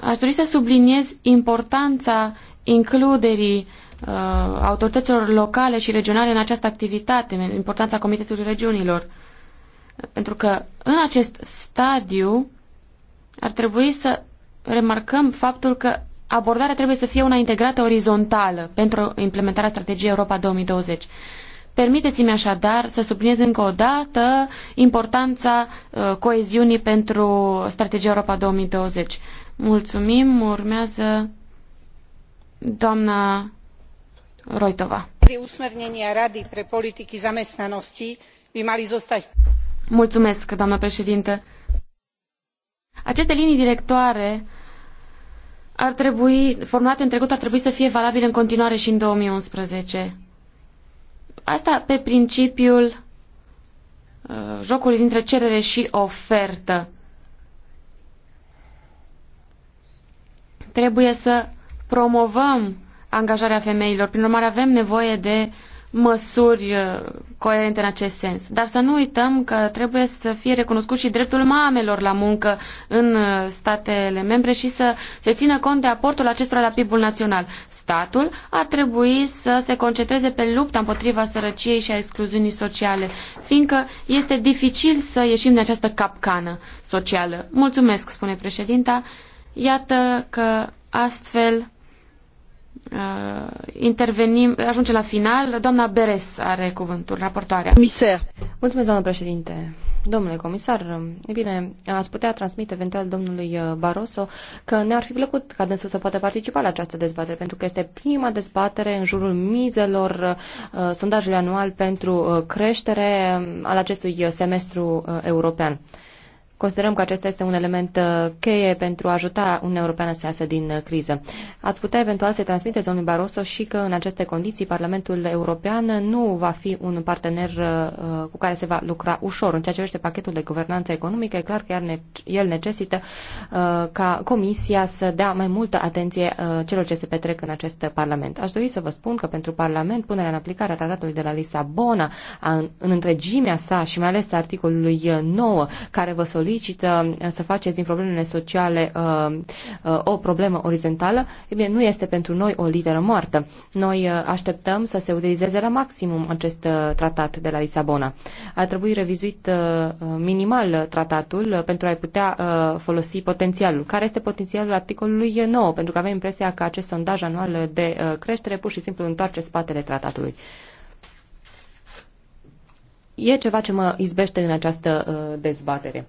Aș dori să subliniez importanța includerii uh, autorităților locale și regionale în această activitate, importanța Comitetului Regiunilor. Pentru că în acest stadiu ar trebui să remarcăm faptul că abordarea trebuie să fie una integrată orizontală pentru implementarea strategiei Europa 2020. Permiteți-mi așadar să subliniez încă o dată importanța uh, coeziunii pentru strategia Europa 2020. Mulțumim, urmează doamna Roitova. Mulțumesc, doamnă președintă. Aceste linii directoare ar trebui, formulate în trecut ar trebui să fie valabile în continuare și în 2011. Asta pe principiul uh, jocului dintre cerere și ofertă. Trebuie să promovăm angajarea femeilor. Prin urmare, avem nevoie de măsuri uh, coerente în acest sens. Dar să nu uităm că trebuie să fie recunoscut și dreptul mamelor la muncă în uh, statele membre și să se țină cont de aportul acestora la PIB-ul național. Statul ar trebui să se concentreze pe lupta împotriva sărăciei și a excluziunii sociale, fiindcă este dificil să ieșim din această capcană socială. Mulțumesc, spune președinta. Iată că astfel Uh, intervenim, ajunge la final. Doamna Beres are cuvântul, raportoarea. Comisar. Mulțumesc, doamnă președinte. Domnule comisar, e bine, ați putea transmite eventual domnului uh, Barroso că ne-ar fi plăcut ca dânsul să poată participa la această dezbatere, pentru că este prima dezbatere în jurul mizelor uh, sondajului anual pentru uh, creștere um, al acestui semestru uh, european. Considerăm că acesta este un element uh, cheie pentru a ajuta Uniunea Europeană să iasă din uh, criză. Ați putea eventual să transmiteți domnului Barroso și că în aceste condiții Parlamentul European nu va fi un partener uh, cu care se va lucra ușor. În ceea ce privește pachetul de guvernanță economică, e clar că el necesită ca Comisia să dea mai multă atenție celor ce se petrec în acest Parlament. Aș dori să vă spun că pentru Parlament punerea în aplicare a tratatului de la Lisabona în întregimea sa și mai ales articolului 9 care vă solicită solicită uh, să faceți din problemele sociale uh, uh, o problemă orizontală, e bine, nu este pentru noi o literă moartă. Noi așteptăm să se utilizeze la maximum acest tratat de la Lisabona. Ar trebui revizuit minimal tratatul pentru a-i putea folosi potențialul. Care este potențialul articolului 9? Pentru că avem impresia că acest sondaj anual de creștere pur și simplu întoarce spatele tratatului. E ceva ce mă izbește în această dezbatere.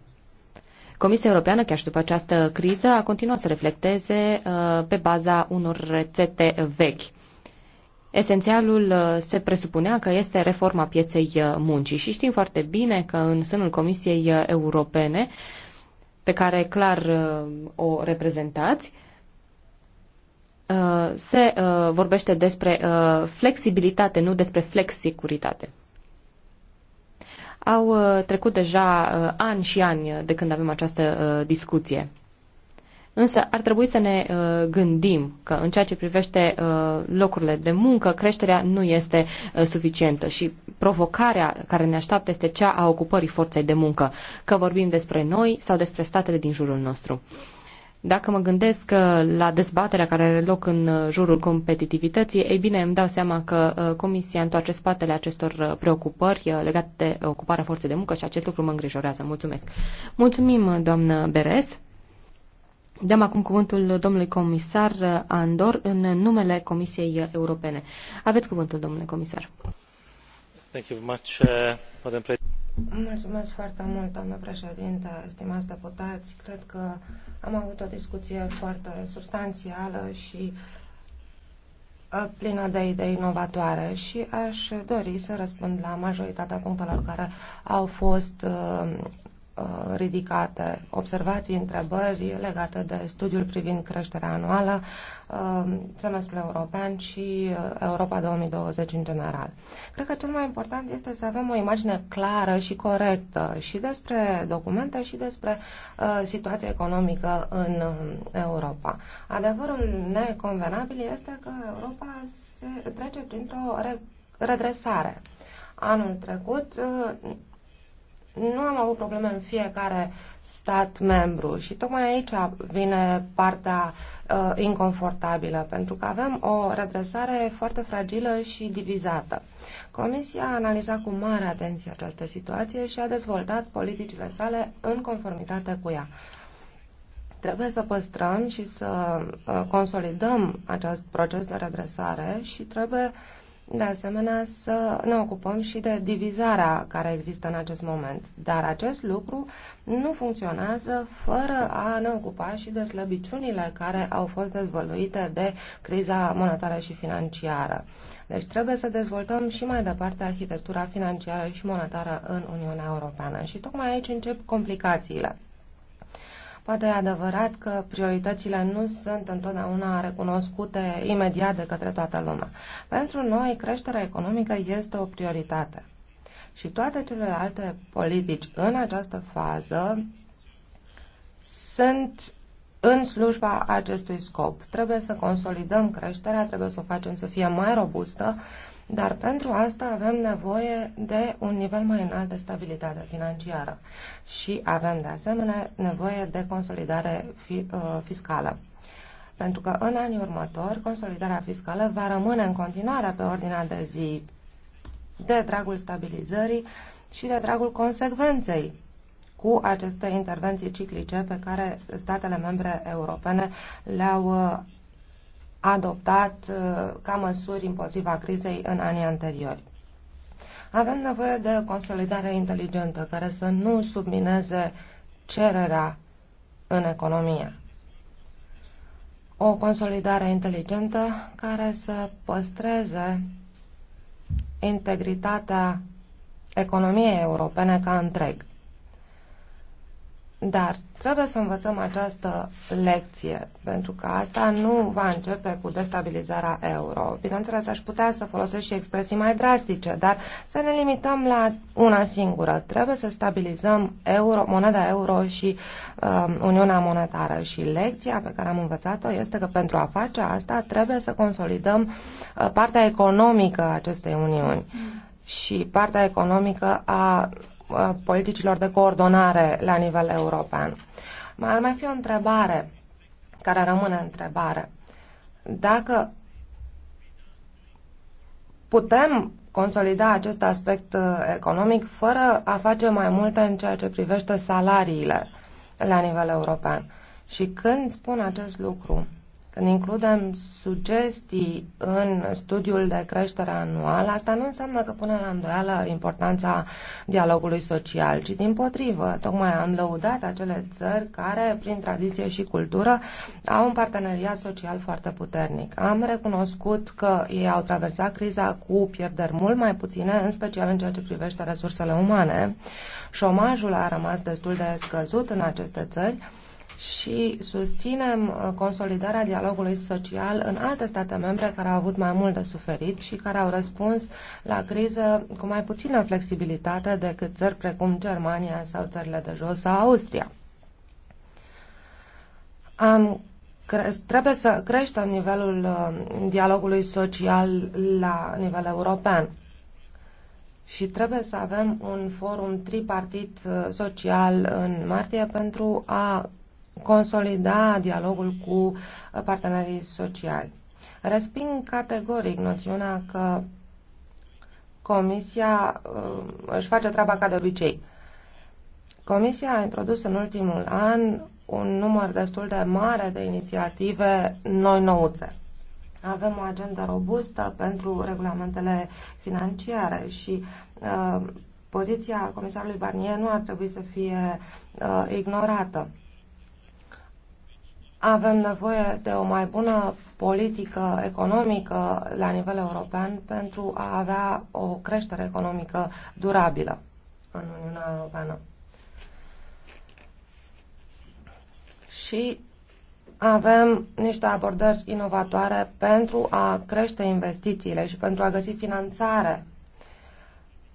Comisia Europeană, chiar și după această criză, a continuat să reflecteze uh, pe baza unor rețete vechi. Esențialul uh, se presupunea că este reforma pieței uh, muncii și știm foarte bine că în sânul Comisiei Europene, pe care clar o reprezentați, se vorbește despre flexibilitate, nu despre flexicuritate. Au uh, trecut deja uh, ani și ani de când avem această uh, discuție. Însă ar trebui să ne gândim că în ceea ce privește locurile de muncă, creșterea nu este suficientă și provocarea care ne așteaptă este cea a ocupării forței de muncă, că vorbim despre noi sau despre statele din jurul nostru. Dacă mă gândesc uh, la dezbaterea care are loc în uh, jurul competitivității, ei bine, îmi dau seama că uh, Comisia întoarce spatele acestor preocupări legate de ocuparea forței de muncă și acest lucru mă îngrijorează. Mulțumesc. Mulțumim, doamnă Beres. Dăm acum cuvântul domnului comisar Andor în numele Comisiei Europene. Aveți cuvântul, domnule comisar. Thank you very much, uh, Mulțumesc foarte mult, doamnă președintă, stimați deputați. Cred că am avut o discuție foarte substanțială și uh, plină de idei inovatoare și aș dori să răspund la majoritatea punctelor care au fost uh, Uh, ridicate observații, întrebări legate de studiul privind creșterea anuală, uh, semestrul european și uh, Europa 2020 în general. Cred că cel mai important este să avem o imagine clară și corectă și despre documente și despre situația economică în Europa. Adevărul neconvenabil este că Europa se trece printr-o redresare. Anul trecut nu am avut probleme în fiecare stat membru și tocmai aici vine partea uh, inconfortabilă, pentru că avem o redresare foarte fragilă și divizată. Comisia a analizat cu mare atenție această situație și a dezvoltat politicile sale în conformitate cu ea. Trebuie să păstrăm și să uh, consolidăm acest proces de redresare și trebuie uh, de asemenea să ne ocupăm și de divizarea care există în acest moment. Dar acest lucru nu funcționează fără a ne ocupa și de slăbiciunile care au fost dezvăluite de criza monetară și financiară. Deci trebuie să dezvoltăm și mai departe arhitectura financiară și monetară în Uniunea Europeană. Și tocmai aici încep complicațiile. Poate e adevărat că prioritățile nu sunt întotdeauna recunoscute imediat de către toată lumea. Pentru noi, creșterea economică este o prioritate. Și toate celelalte politici în această fază sunt în slujba acestui scop. Trebuie să consolidăm creșterea, trebuie să o facem să fie mai robustă dar pentru asta avem nevoie de un nivel mai înalt de stabilitate financiară și avem de asemenea nevoie de consolidare fi, uh, fiscală. Pentru că în anii următori, consolidarea fiscală va rămâne în continuare pe ordinea de zi de dragul stabilizării și de dragul consecvenței cu aceste intervenții ciclice pe care statele membre europene le-au uh, adoptat uh, ca măsuri împotriva crizei în anii anteriori. Avem nevoie de consolidare inteligentă care să nu submineze cererea în economie. O consolidare inteligentă care să păstreze integritatea economiei europene ca întreg. Dar trebuie să învățăm această lecție, pentru că asta nu va începe cu destabilizarea euro. Bineînțeles, aș putea să folosesc și expresii mai drastice, dar să ne limităm la una singură. Trebuie să stabilizăm euro, moneda euro și um, Uniunea Monetară. Și lecția pe care am învățat-o este că pentru a face asta trebuie să consolidăm uh, partea economică a acestei Uniuni. Mm. Și partea economică a Uh, politicilor de coordonare la nivel european. Ar mai fi o întrebare care rămâne întrebare. Dacă putem consolida acest aspect uh, economic fără a face mai multe în ceea ce privește salariile la nivel european. Și când spun acest lucru, când includem sugestii în studiul de creștere anual, asta nu înseamnă că pune la îndoială importanța dialogului social, ci din potrivă. Tocmai am lăudat acele țări care, prin tradiție și cultură, au un parteneriat social foarte puternic. Am recunoscut că ei au traversat criza cu pierderi mult mai puține, în special în ceea ce privește resursele umane. Șomajul a rămas destul de scăzut în aceste țări, și susținem uh, consolidarea dialogului social în alte state membre care au avut mai mult de suferit și care au răspuns la criză cu mai puțină flexibilitate decât țări precum Germania sau țările de jos sau Austria. Am trebuie să creștem nivelul uh, dialogului social la nivel european și trebuie să avem un forum tripartit uh, social în martie pentru a consolida dialogul cu uh, partenerii sociali. Resping categoric noțiunea că Comisia uh, își face treaba ca de obicei. Comisia a introdus în ultimul an un număr destul de mare de inițiative noi nouțe. Avem o agendă robustă pentru regulamentele financiare și uh, poziția comisarului Barnier nu ar trebui să fie uh, ignorată. Avem nevoie de o mai bună politică economică la nivel european pentru a avea o creștere economică durabilă în Uniunea Europeană. Și avem niște abordări inovatoare pentru a crește investițiile și pentru a găsi finanțare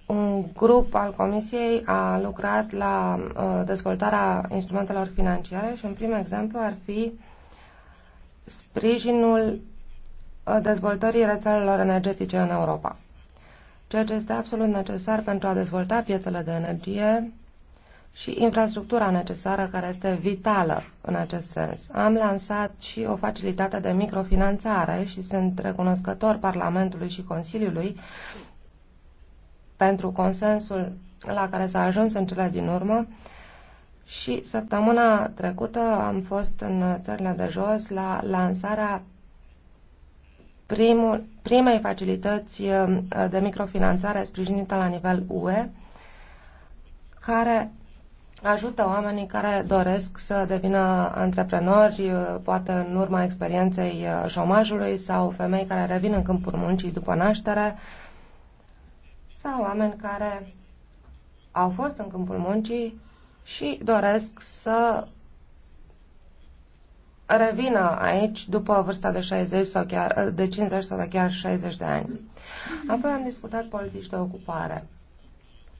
un grup al Comisiei a lucrat la uh, dezvoltarea instrumentelor financiare și un prim exemplu ar fi sprijinul uh, dezvoltării rețelelor energetice în Europa, ceea ce este absolut necesar pentru a dezvolta piețele de energie și infrastructura necesară care este vitală în acest sens. Am lansat și o facilitate de microfinanțare și sunt recunoscător Parlamentului și Consiliului pentru consensul la care s-a ajuns în cele din urmă și săptămâna trecută am fost în țările de jos la lansarea primul, primei facilități uh, de microfinanțare sprijinită la nivel UE, care ajută oamenii care doresc să devină antreprenori, uh, poate în urma experienței uh, șomajului sau femei care revin în câmpul muncii după naștere, sau oameni care au fost în câmpul muncii și doresc să revină aici după vârsta de 60 sau chiar de 50 sau de chiar 60 de ani. Apoi am discutat politici de ocupare.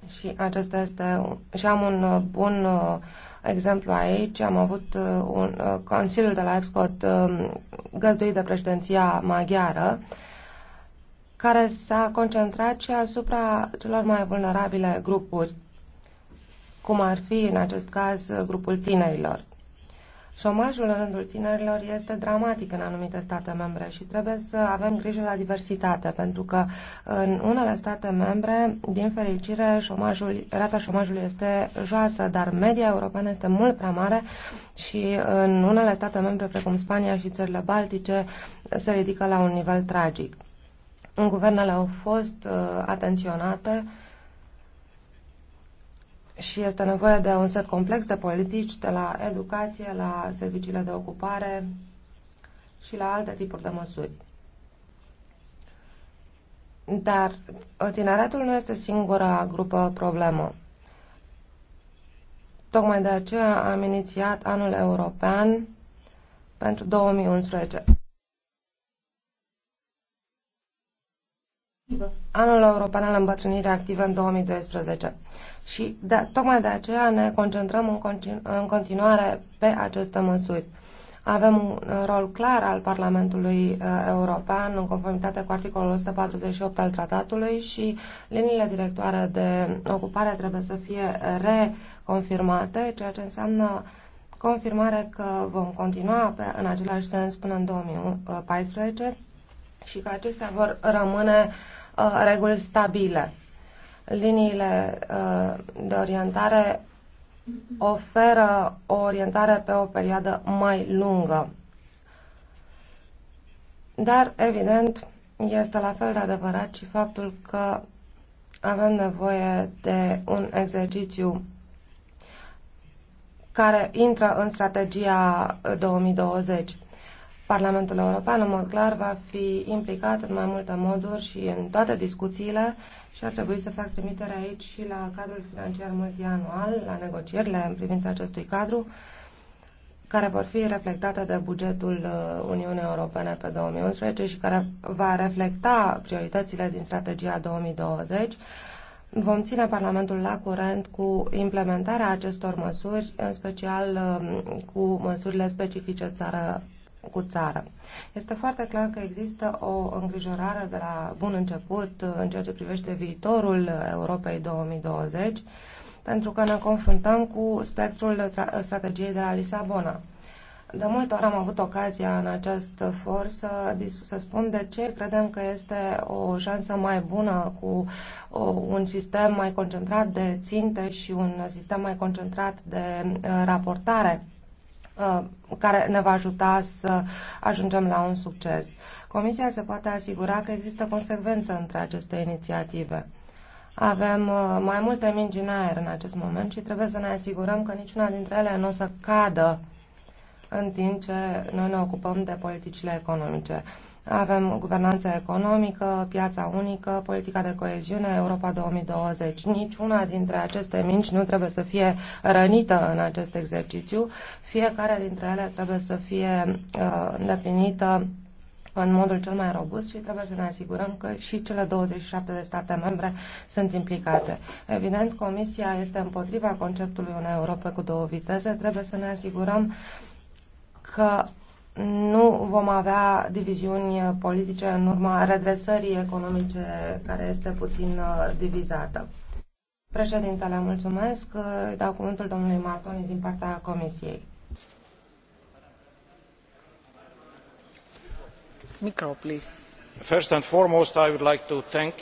Și acesta este și am un uh, bun uh, exemplu aici. Am avut uh, un Consiliul de la EPSCOT um, găzduit de președinția maghiară care s-a concentrat și asupra celor mai vulnerabile grupuri, cum ar fi, în acest caz, grupul tinerilor. Șomajul în rândul tinerilor este dramatic în anumite state membre și trebuie să avem grijă la diversitate, pentru că în unele state membre, din fericire, șomajul, rata șomajului este joasă, dar media europeană este mult prea mare și în unele state membre, precum Spania și țările Baltice, se ridică la un nivel tragic. În Guvernele au fost uh, atenționate și este nevoie de un set complex de politici, de la educație, la serviciile de ocupare și la alte tipuri de măsuri. Dar uh, tineretul nu este singura grupă problemă. Tocmai de aceea am inițiat anul european pentru 2011. Anul European al Îmbătrânirii Active în 2012. Și de, tocmai de aceea ne concentrăm în, continu- în continuare pe aceste măsuri. Avem un rol clar al Parlamentului uh, European în conformitate cu articolul 148 al tratatului și liniile directoare de ocupare trebuie să fie reconfirmate, ceea ce înseamnă confirmare că vom continua pe, în același sens până în 2014 și că acestea vor rămâne uh, reguli stabile. Liniile uh, de orientare oferă o orientare pe o perioadă mai lungă. Dar, evident, este la fel de adevărat și faptul că avem nevoie de un exercițiu care intră în strategia 2020. Uh, Parlamentul European, în mod clar, va fi implicat în mai multe moduri și în toate discuțiile și ar trebui să fac trimitere aici și la cadrul financiar multianual, la negocierile în privința acestui cadru, care vor fi reflectate de bugetul uh, Uniunii Europene pe 2011 și care va reflecta prioritățile din strategia 2020. Vom ține Parlamentul la curent cu implementarea acestor măsuri, în special um, cu măsurile specifice țară cu țară. Este foarte clar că există o îngrijorare de la bun început uh, în ceea ce privește viitorul uh, Europei 2020, pentru că ne confruntăm cu spectrul uh, strategiei de la Lisabona. De multe ori am avut ocazia în acest for să, să spun de ce credem că este o șansă mai bună cu o, un sistem mai concentrat de ținte și un sistem mai concentrat de uh, raportare Uh, care ne va ajuta să ajungem la un succes. Comisia se poate asigura că există consecvență între aceste inițiative. Avem uh, mai multe mingi în aer în acest moment și trebuie să ne asigurăm că niciuna dintre ele nu o să cadă în timp ce noi ne ocupăm de politicile economice. Avem guvernanța economică, piața unică, politica de coeziune, Europa 2020. Niciuna dintre aceste minci nu trebuie să fie rănită în acest exercițiu. Fiecare dintre ele trebuie să fie uh, îndeplinită în modul cel mai robust și trebuie să ne asigurăm că și cele 27 de state membre sunt implicate. Evident, Comisia este împotriva conceptului unei Europe cu două viteze. Trebuie să ne asigurăm că nu vom avea diviziuni politice în urma redresării economice care este puțin uh, divizată. Președintele, mulțumesc. Uh, îi dau cuvântul domnului Martoni din partea Comisiei. Micro, please. First and foremost, I would like to thank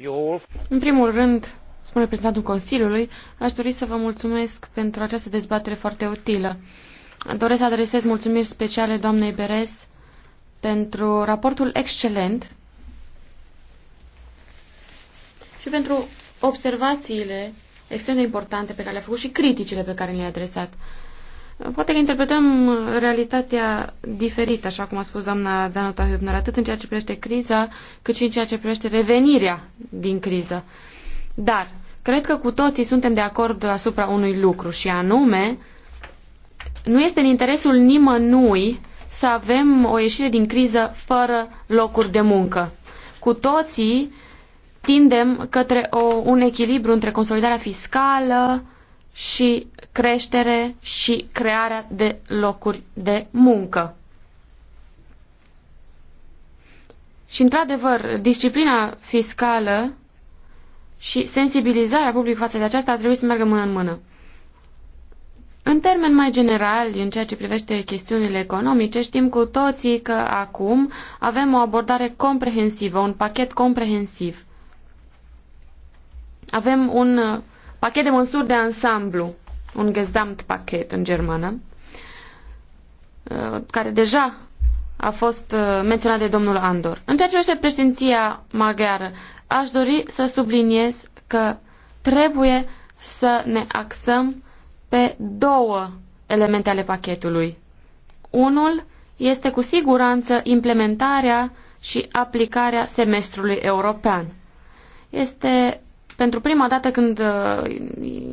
you all. În primul rând, spune președintele Consiliului, aș dori să vă mulțumesc pentru această dezbatere foarte utilă. Doresc să adresez mulțumiri speciale doamnei Beres pentru raportul excelent și pentru observațiile extrem de importante pe care le-a făcut și criticile pe care le-a adresat. Poate că interpretăm realitatea diferit, așa cum a spus doamna Danuta Hübner, atât în ceea ce privește criza, cât și în ceea ce privește revenirea din criză. Dar, cred că cu toții suntem de acord asupra unui lucru și anume nu este în interesul nimănui să avem o ieșire din criză fără locuri de muncă. Cu toții tindem către o, un echilibru între consolidarea fiscală și creștere și crearea de locuri de muncă. Și, într-adevăr, disciplina fiscală și sensibilizarea publicului față de aceasta ar trebui să meargă mână în mână. În termen mai general, în ceea ce privește chestiunile economice, știm cu toții că acum avem o abordare comprehensivă, un pachet comprehensiv. Avem un uh, pachet de măsuri de ansamblu, un Gesamtpaket în germană, uh, care deja a fost uh, menționat de domnul Andor. În ceea ce privește președinția maghiară, aș dori să subliniez că trebuie să ne axăm pe două elemente ale pachetului. Unul este cu siguranță implementarea și aplicarea semestrului european. Este pentru prima dată când uh,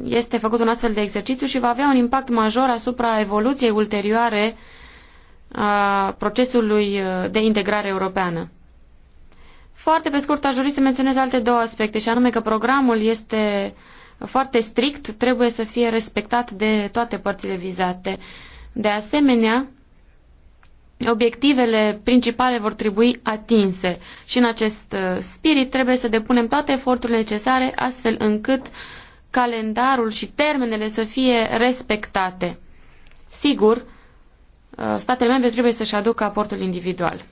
este făcut un astfel de exercițiu și va avea un impact major asupra evoluției ulterioare a procesului uh, de integrare europeană. Foarte pe scurt, aș dori să menționez alte două aspecte, și anume că programul este foarte strict trebuie să fie respectat de toate părțile vizate. De asemenea, obiectivele principale vor trebui atinse și în acest uh, spirit trebuie să depunem toate eforturile necesare astfel încât calendarul și termenele să fie respectate. Sigur, uh, statele membre trebuie să-și aducă aportul individual.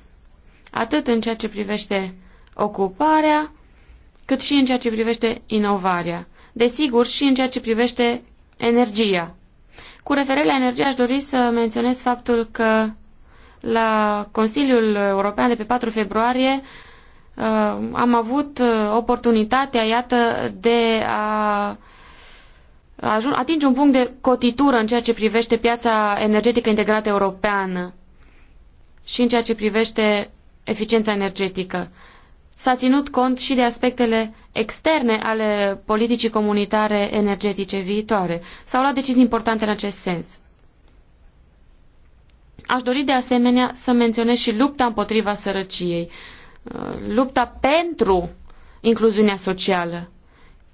Atât în ceea ce privește ocuparea, cât și în ceea ce privește inovarea desigur și în ceea ce privește energia. Cu referire la energie aș dori să menționez faptul că la Consiliul European de pe 4 februarie uh, am avut uh, oportunitatea, iată, de a atinge un punct de cotitură în ceea ce privește piața energetică integrată europeană și în ceea ce privește eficiența energetică s-a ținut cont și de aspectele externe ale politicii comunitare energetice viitoare. S-au luat decizii importante în acest sens. Aș dori de asemenea să menționez și lupta împotriva sărăciei, uh, lupta pentru incluziunea socială.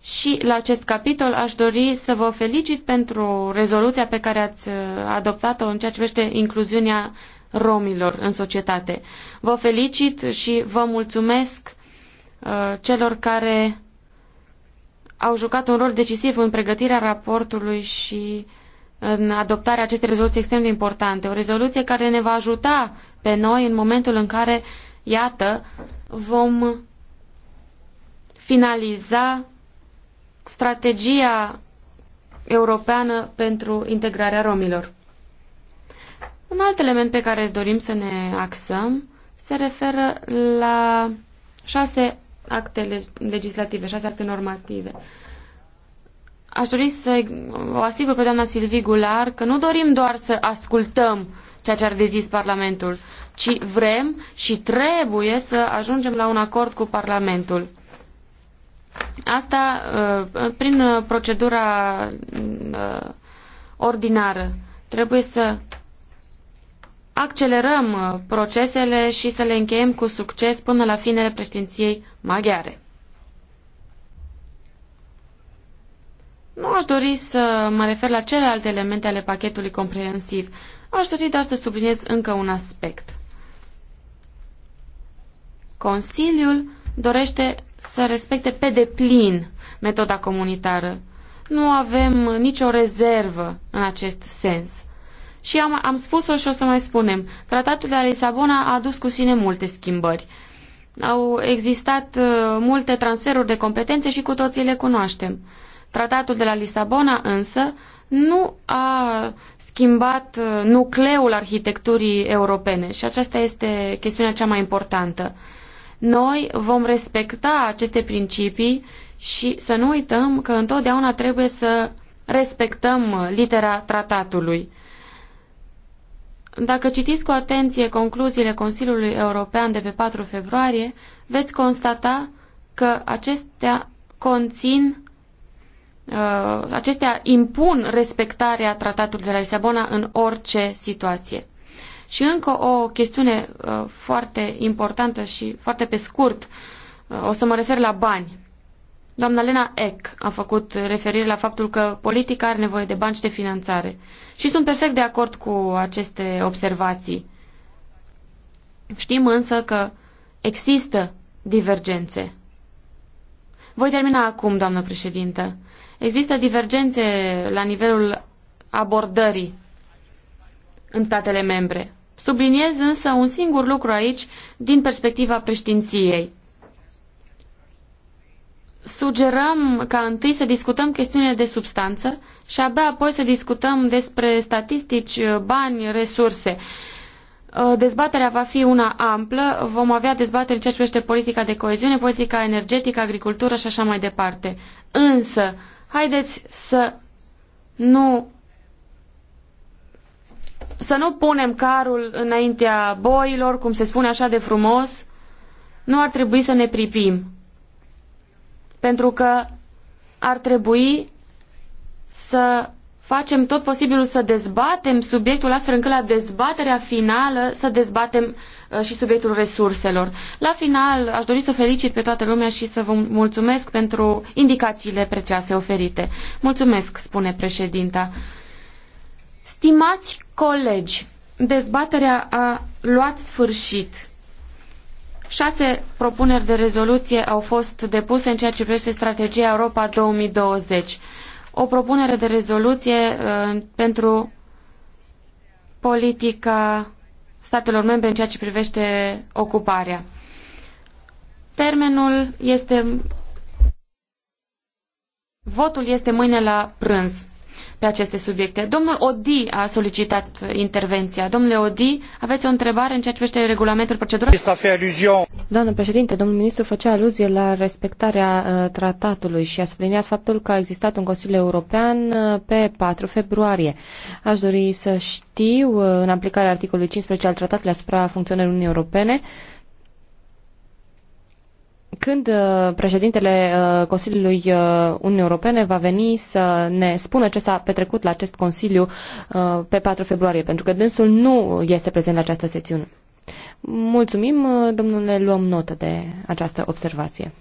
Și la acest capitol aș dori să vă felicit pentru rezoluția pe care ați uh, adoptat-o în ceea ce privește incluziunea romilor în societate. Vă felicit și vă mulțumesc uh, celor care au jucat un rol decisiv în pregătirea raportului și în adoptarea acestei rezoluții extrem de importante. O rezoluție care ne va ajuta pe noi în momentul în care, iată, vom finaliza strategia europeană pentru integrarea romilor. Un alt element pe care dorim să ne axăm se referă la șase acte legislative, șase acte normative. Aș dori să o asigur pe doamna Silvi Gular că nu dorim doar să ascultăm ceea ce ar de zis Parlamentul, ci vrem și trebuie să ajungem la un acord cu Parlamentul. Asta uh, prin procedura uh, ordinară. Trebuie să accelerăm uh, procesele și să le încheiem cu succes până la finele președinției maghiare. Nu aș dori să mă refer la celelalte elemente ale pachetului comprehensiv. Aș dori doar să subliniez încă un aspect. Consiliul dorește să respecte pe deplin metoda comunitară. Nu avem nicio rezervă în acest sens. Și am, am spus-o și o să mai spunem. Tratatul de la Lisabona a adus cu sine multe schimbări. Au existat uh, multe transferuri de competențe și cu toții le cunoaștem. Tratatul de la Lisabona însă nu a schimbat uh, nucleul arhitecturii europene și aceasta este chestiunea cea mai importantă. Noi vom respecta aceste principii și să nu uităm că întotdeauna trebuie să respectăm litera tratatului. Dacă citiți cu atenție concluziile Consiliului European de pe 4 februarie, veți constata că acestea conțin uh, acestea impun respectarea tratatului de la Lisabona în orice situație. Și încă o chestiune uh, foarte importantă și foarte pe scurt, uh, o să mă refer la bani. Doamna Lena Eck a făcut referire la faptul că politica are nevoie de bani și de finanțare. Și sunt perfect de acord cu aceste observații. Știm însă că există divergențe. Voi termina acum, doamnă președintă. Există divergențe la nivelul abordării în statele membre. Subliniez însă un singur lucru aici din perspectiva preștinției sugerăm ca întâi să discutăm chestiunile de substanță și abia apoi să discutăm despre statistici, uh, bani, resurse. Uh, dezbaterea va fi una amplă, vom avea dezbateri în ceea ce privește politica de coeziune, politica energetică, agricultură și așa mai departe. Însă, haideți să nu să nu punem carul înaintea boilor, cum se spune așa de frumos, nu ar trebui să ne pripim pentru că ar trebui să facem tot posibilul să dezbatem subiectul astfel încât la dezbaterea finală să dezbatem uh, și subiectul resurselor. La final, aș dori să felicit pe toată lumea și să vă mulțumesc pentru indicațiile prețioase oferite. Mulțumesc, spune președinta. Stimați colegi, dezbaterea a luat sfârșit. Șase propuneri de rezoluție au fost depuse în ceea ce privește strategia Europa 2020. O propunere de rezoluție uh, pentru politica statelor membre în ceea ce privește ocuparea. Termenul este... Votul este mâine la prânz pe aceste subiecte. Domnul Odi a solicitat intervenția. Domnule Odi, aveți o întrebare în ceea ce privește regulamentul procedurii? Doamnă președinte, domnul ministru făcea aluzie la respectarea uh, tratatului și a subliniat faptul că a existat un Consiliu European uh, pe 4 februarie. Aș dori să știu, uh, în aplicarea articolului 15 al tratatului asupra funcționării Uniunii Europene, când uh, președintele uh, Consiliului uh, Uniunii Europene va veni să ne spună ce s-a petrecut la acest Consiliu pe 4 februarie, pentru că dânsul nu este prezent la această sesiune. Mulțumim, domnule, luăm notă de această observație.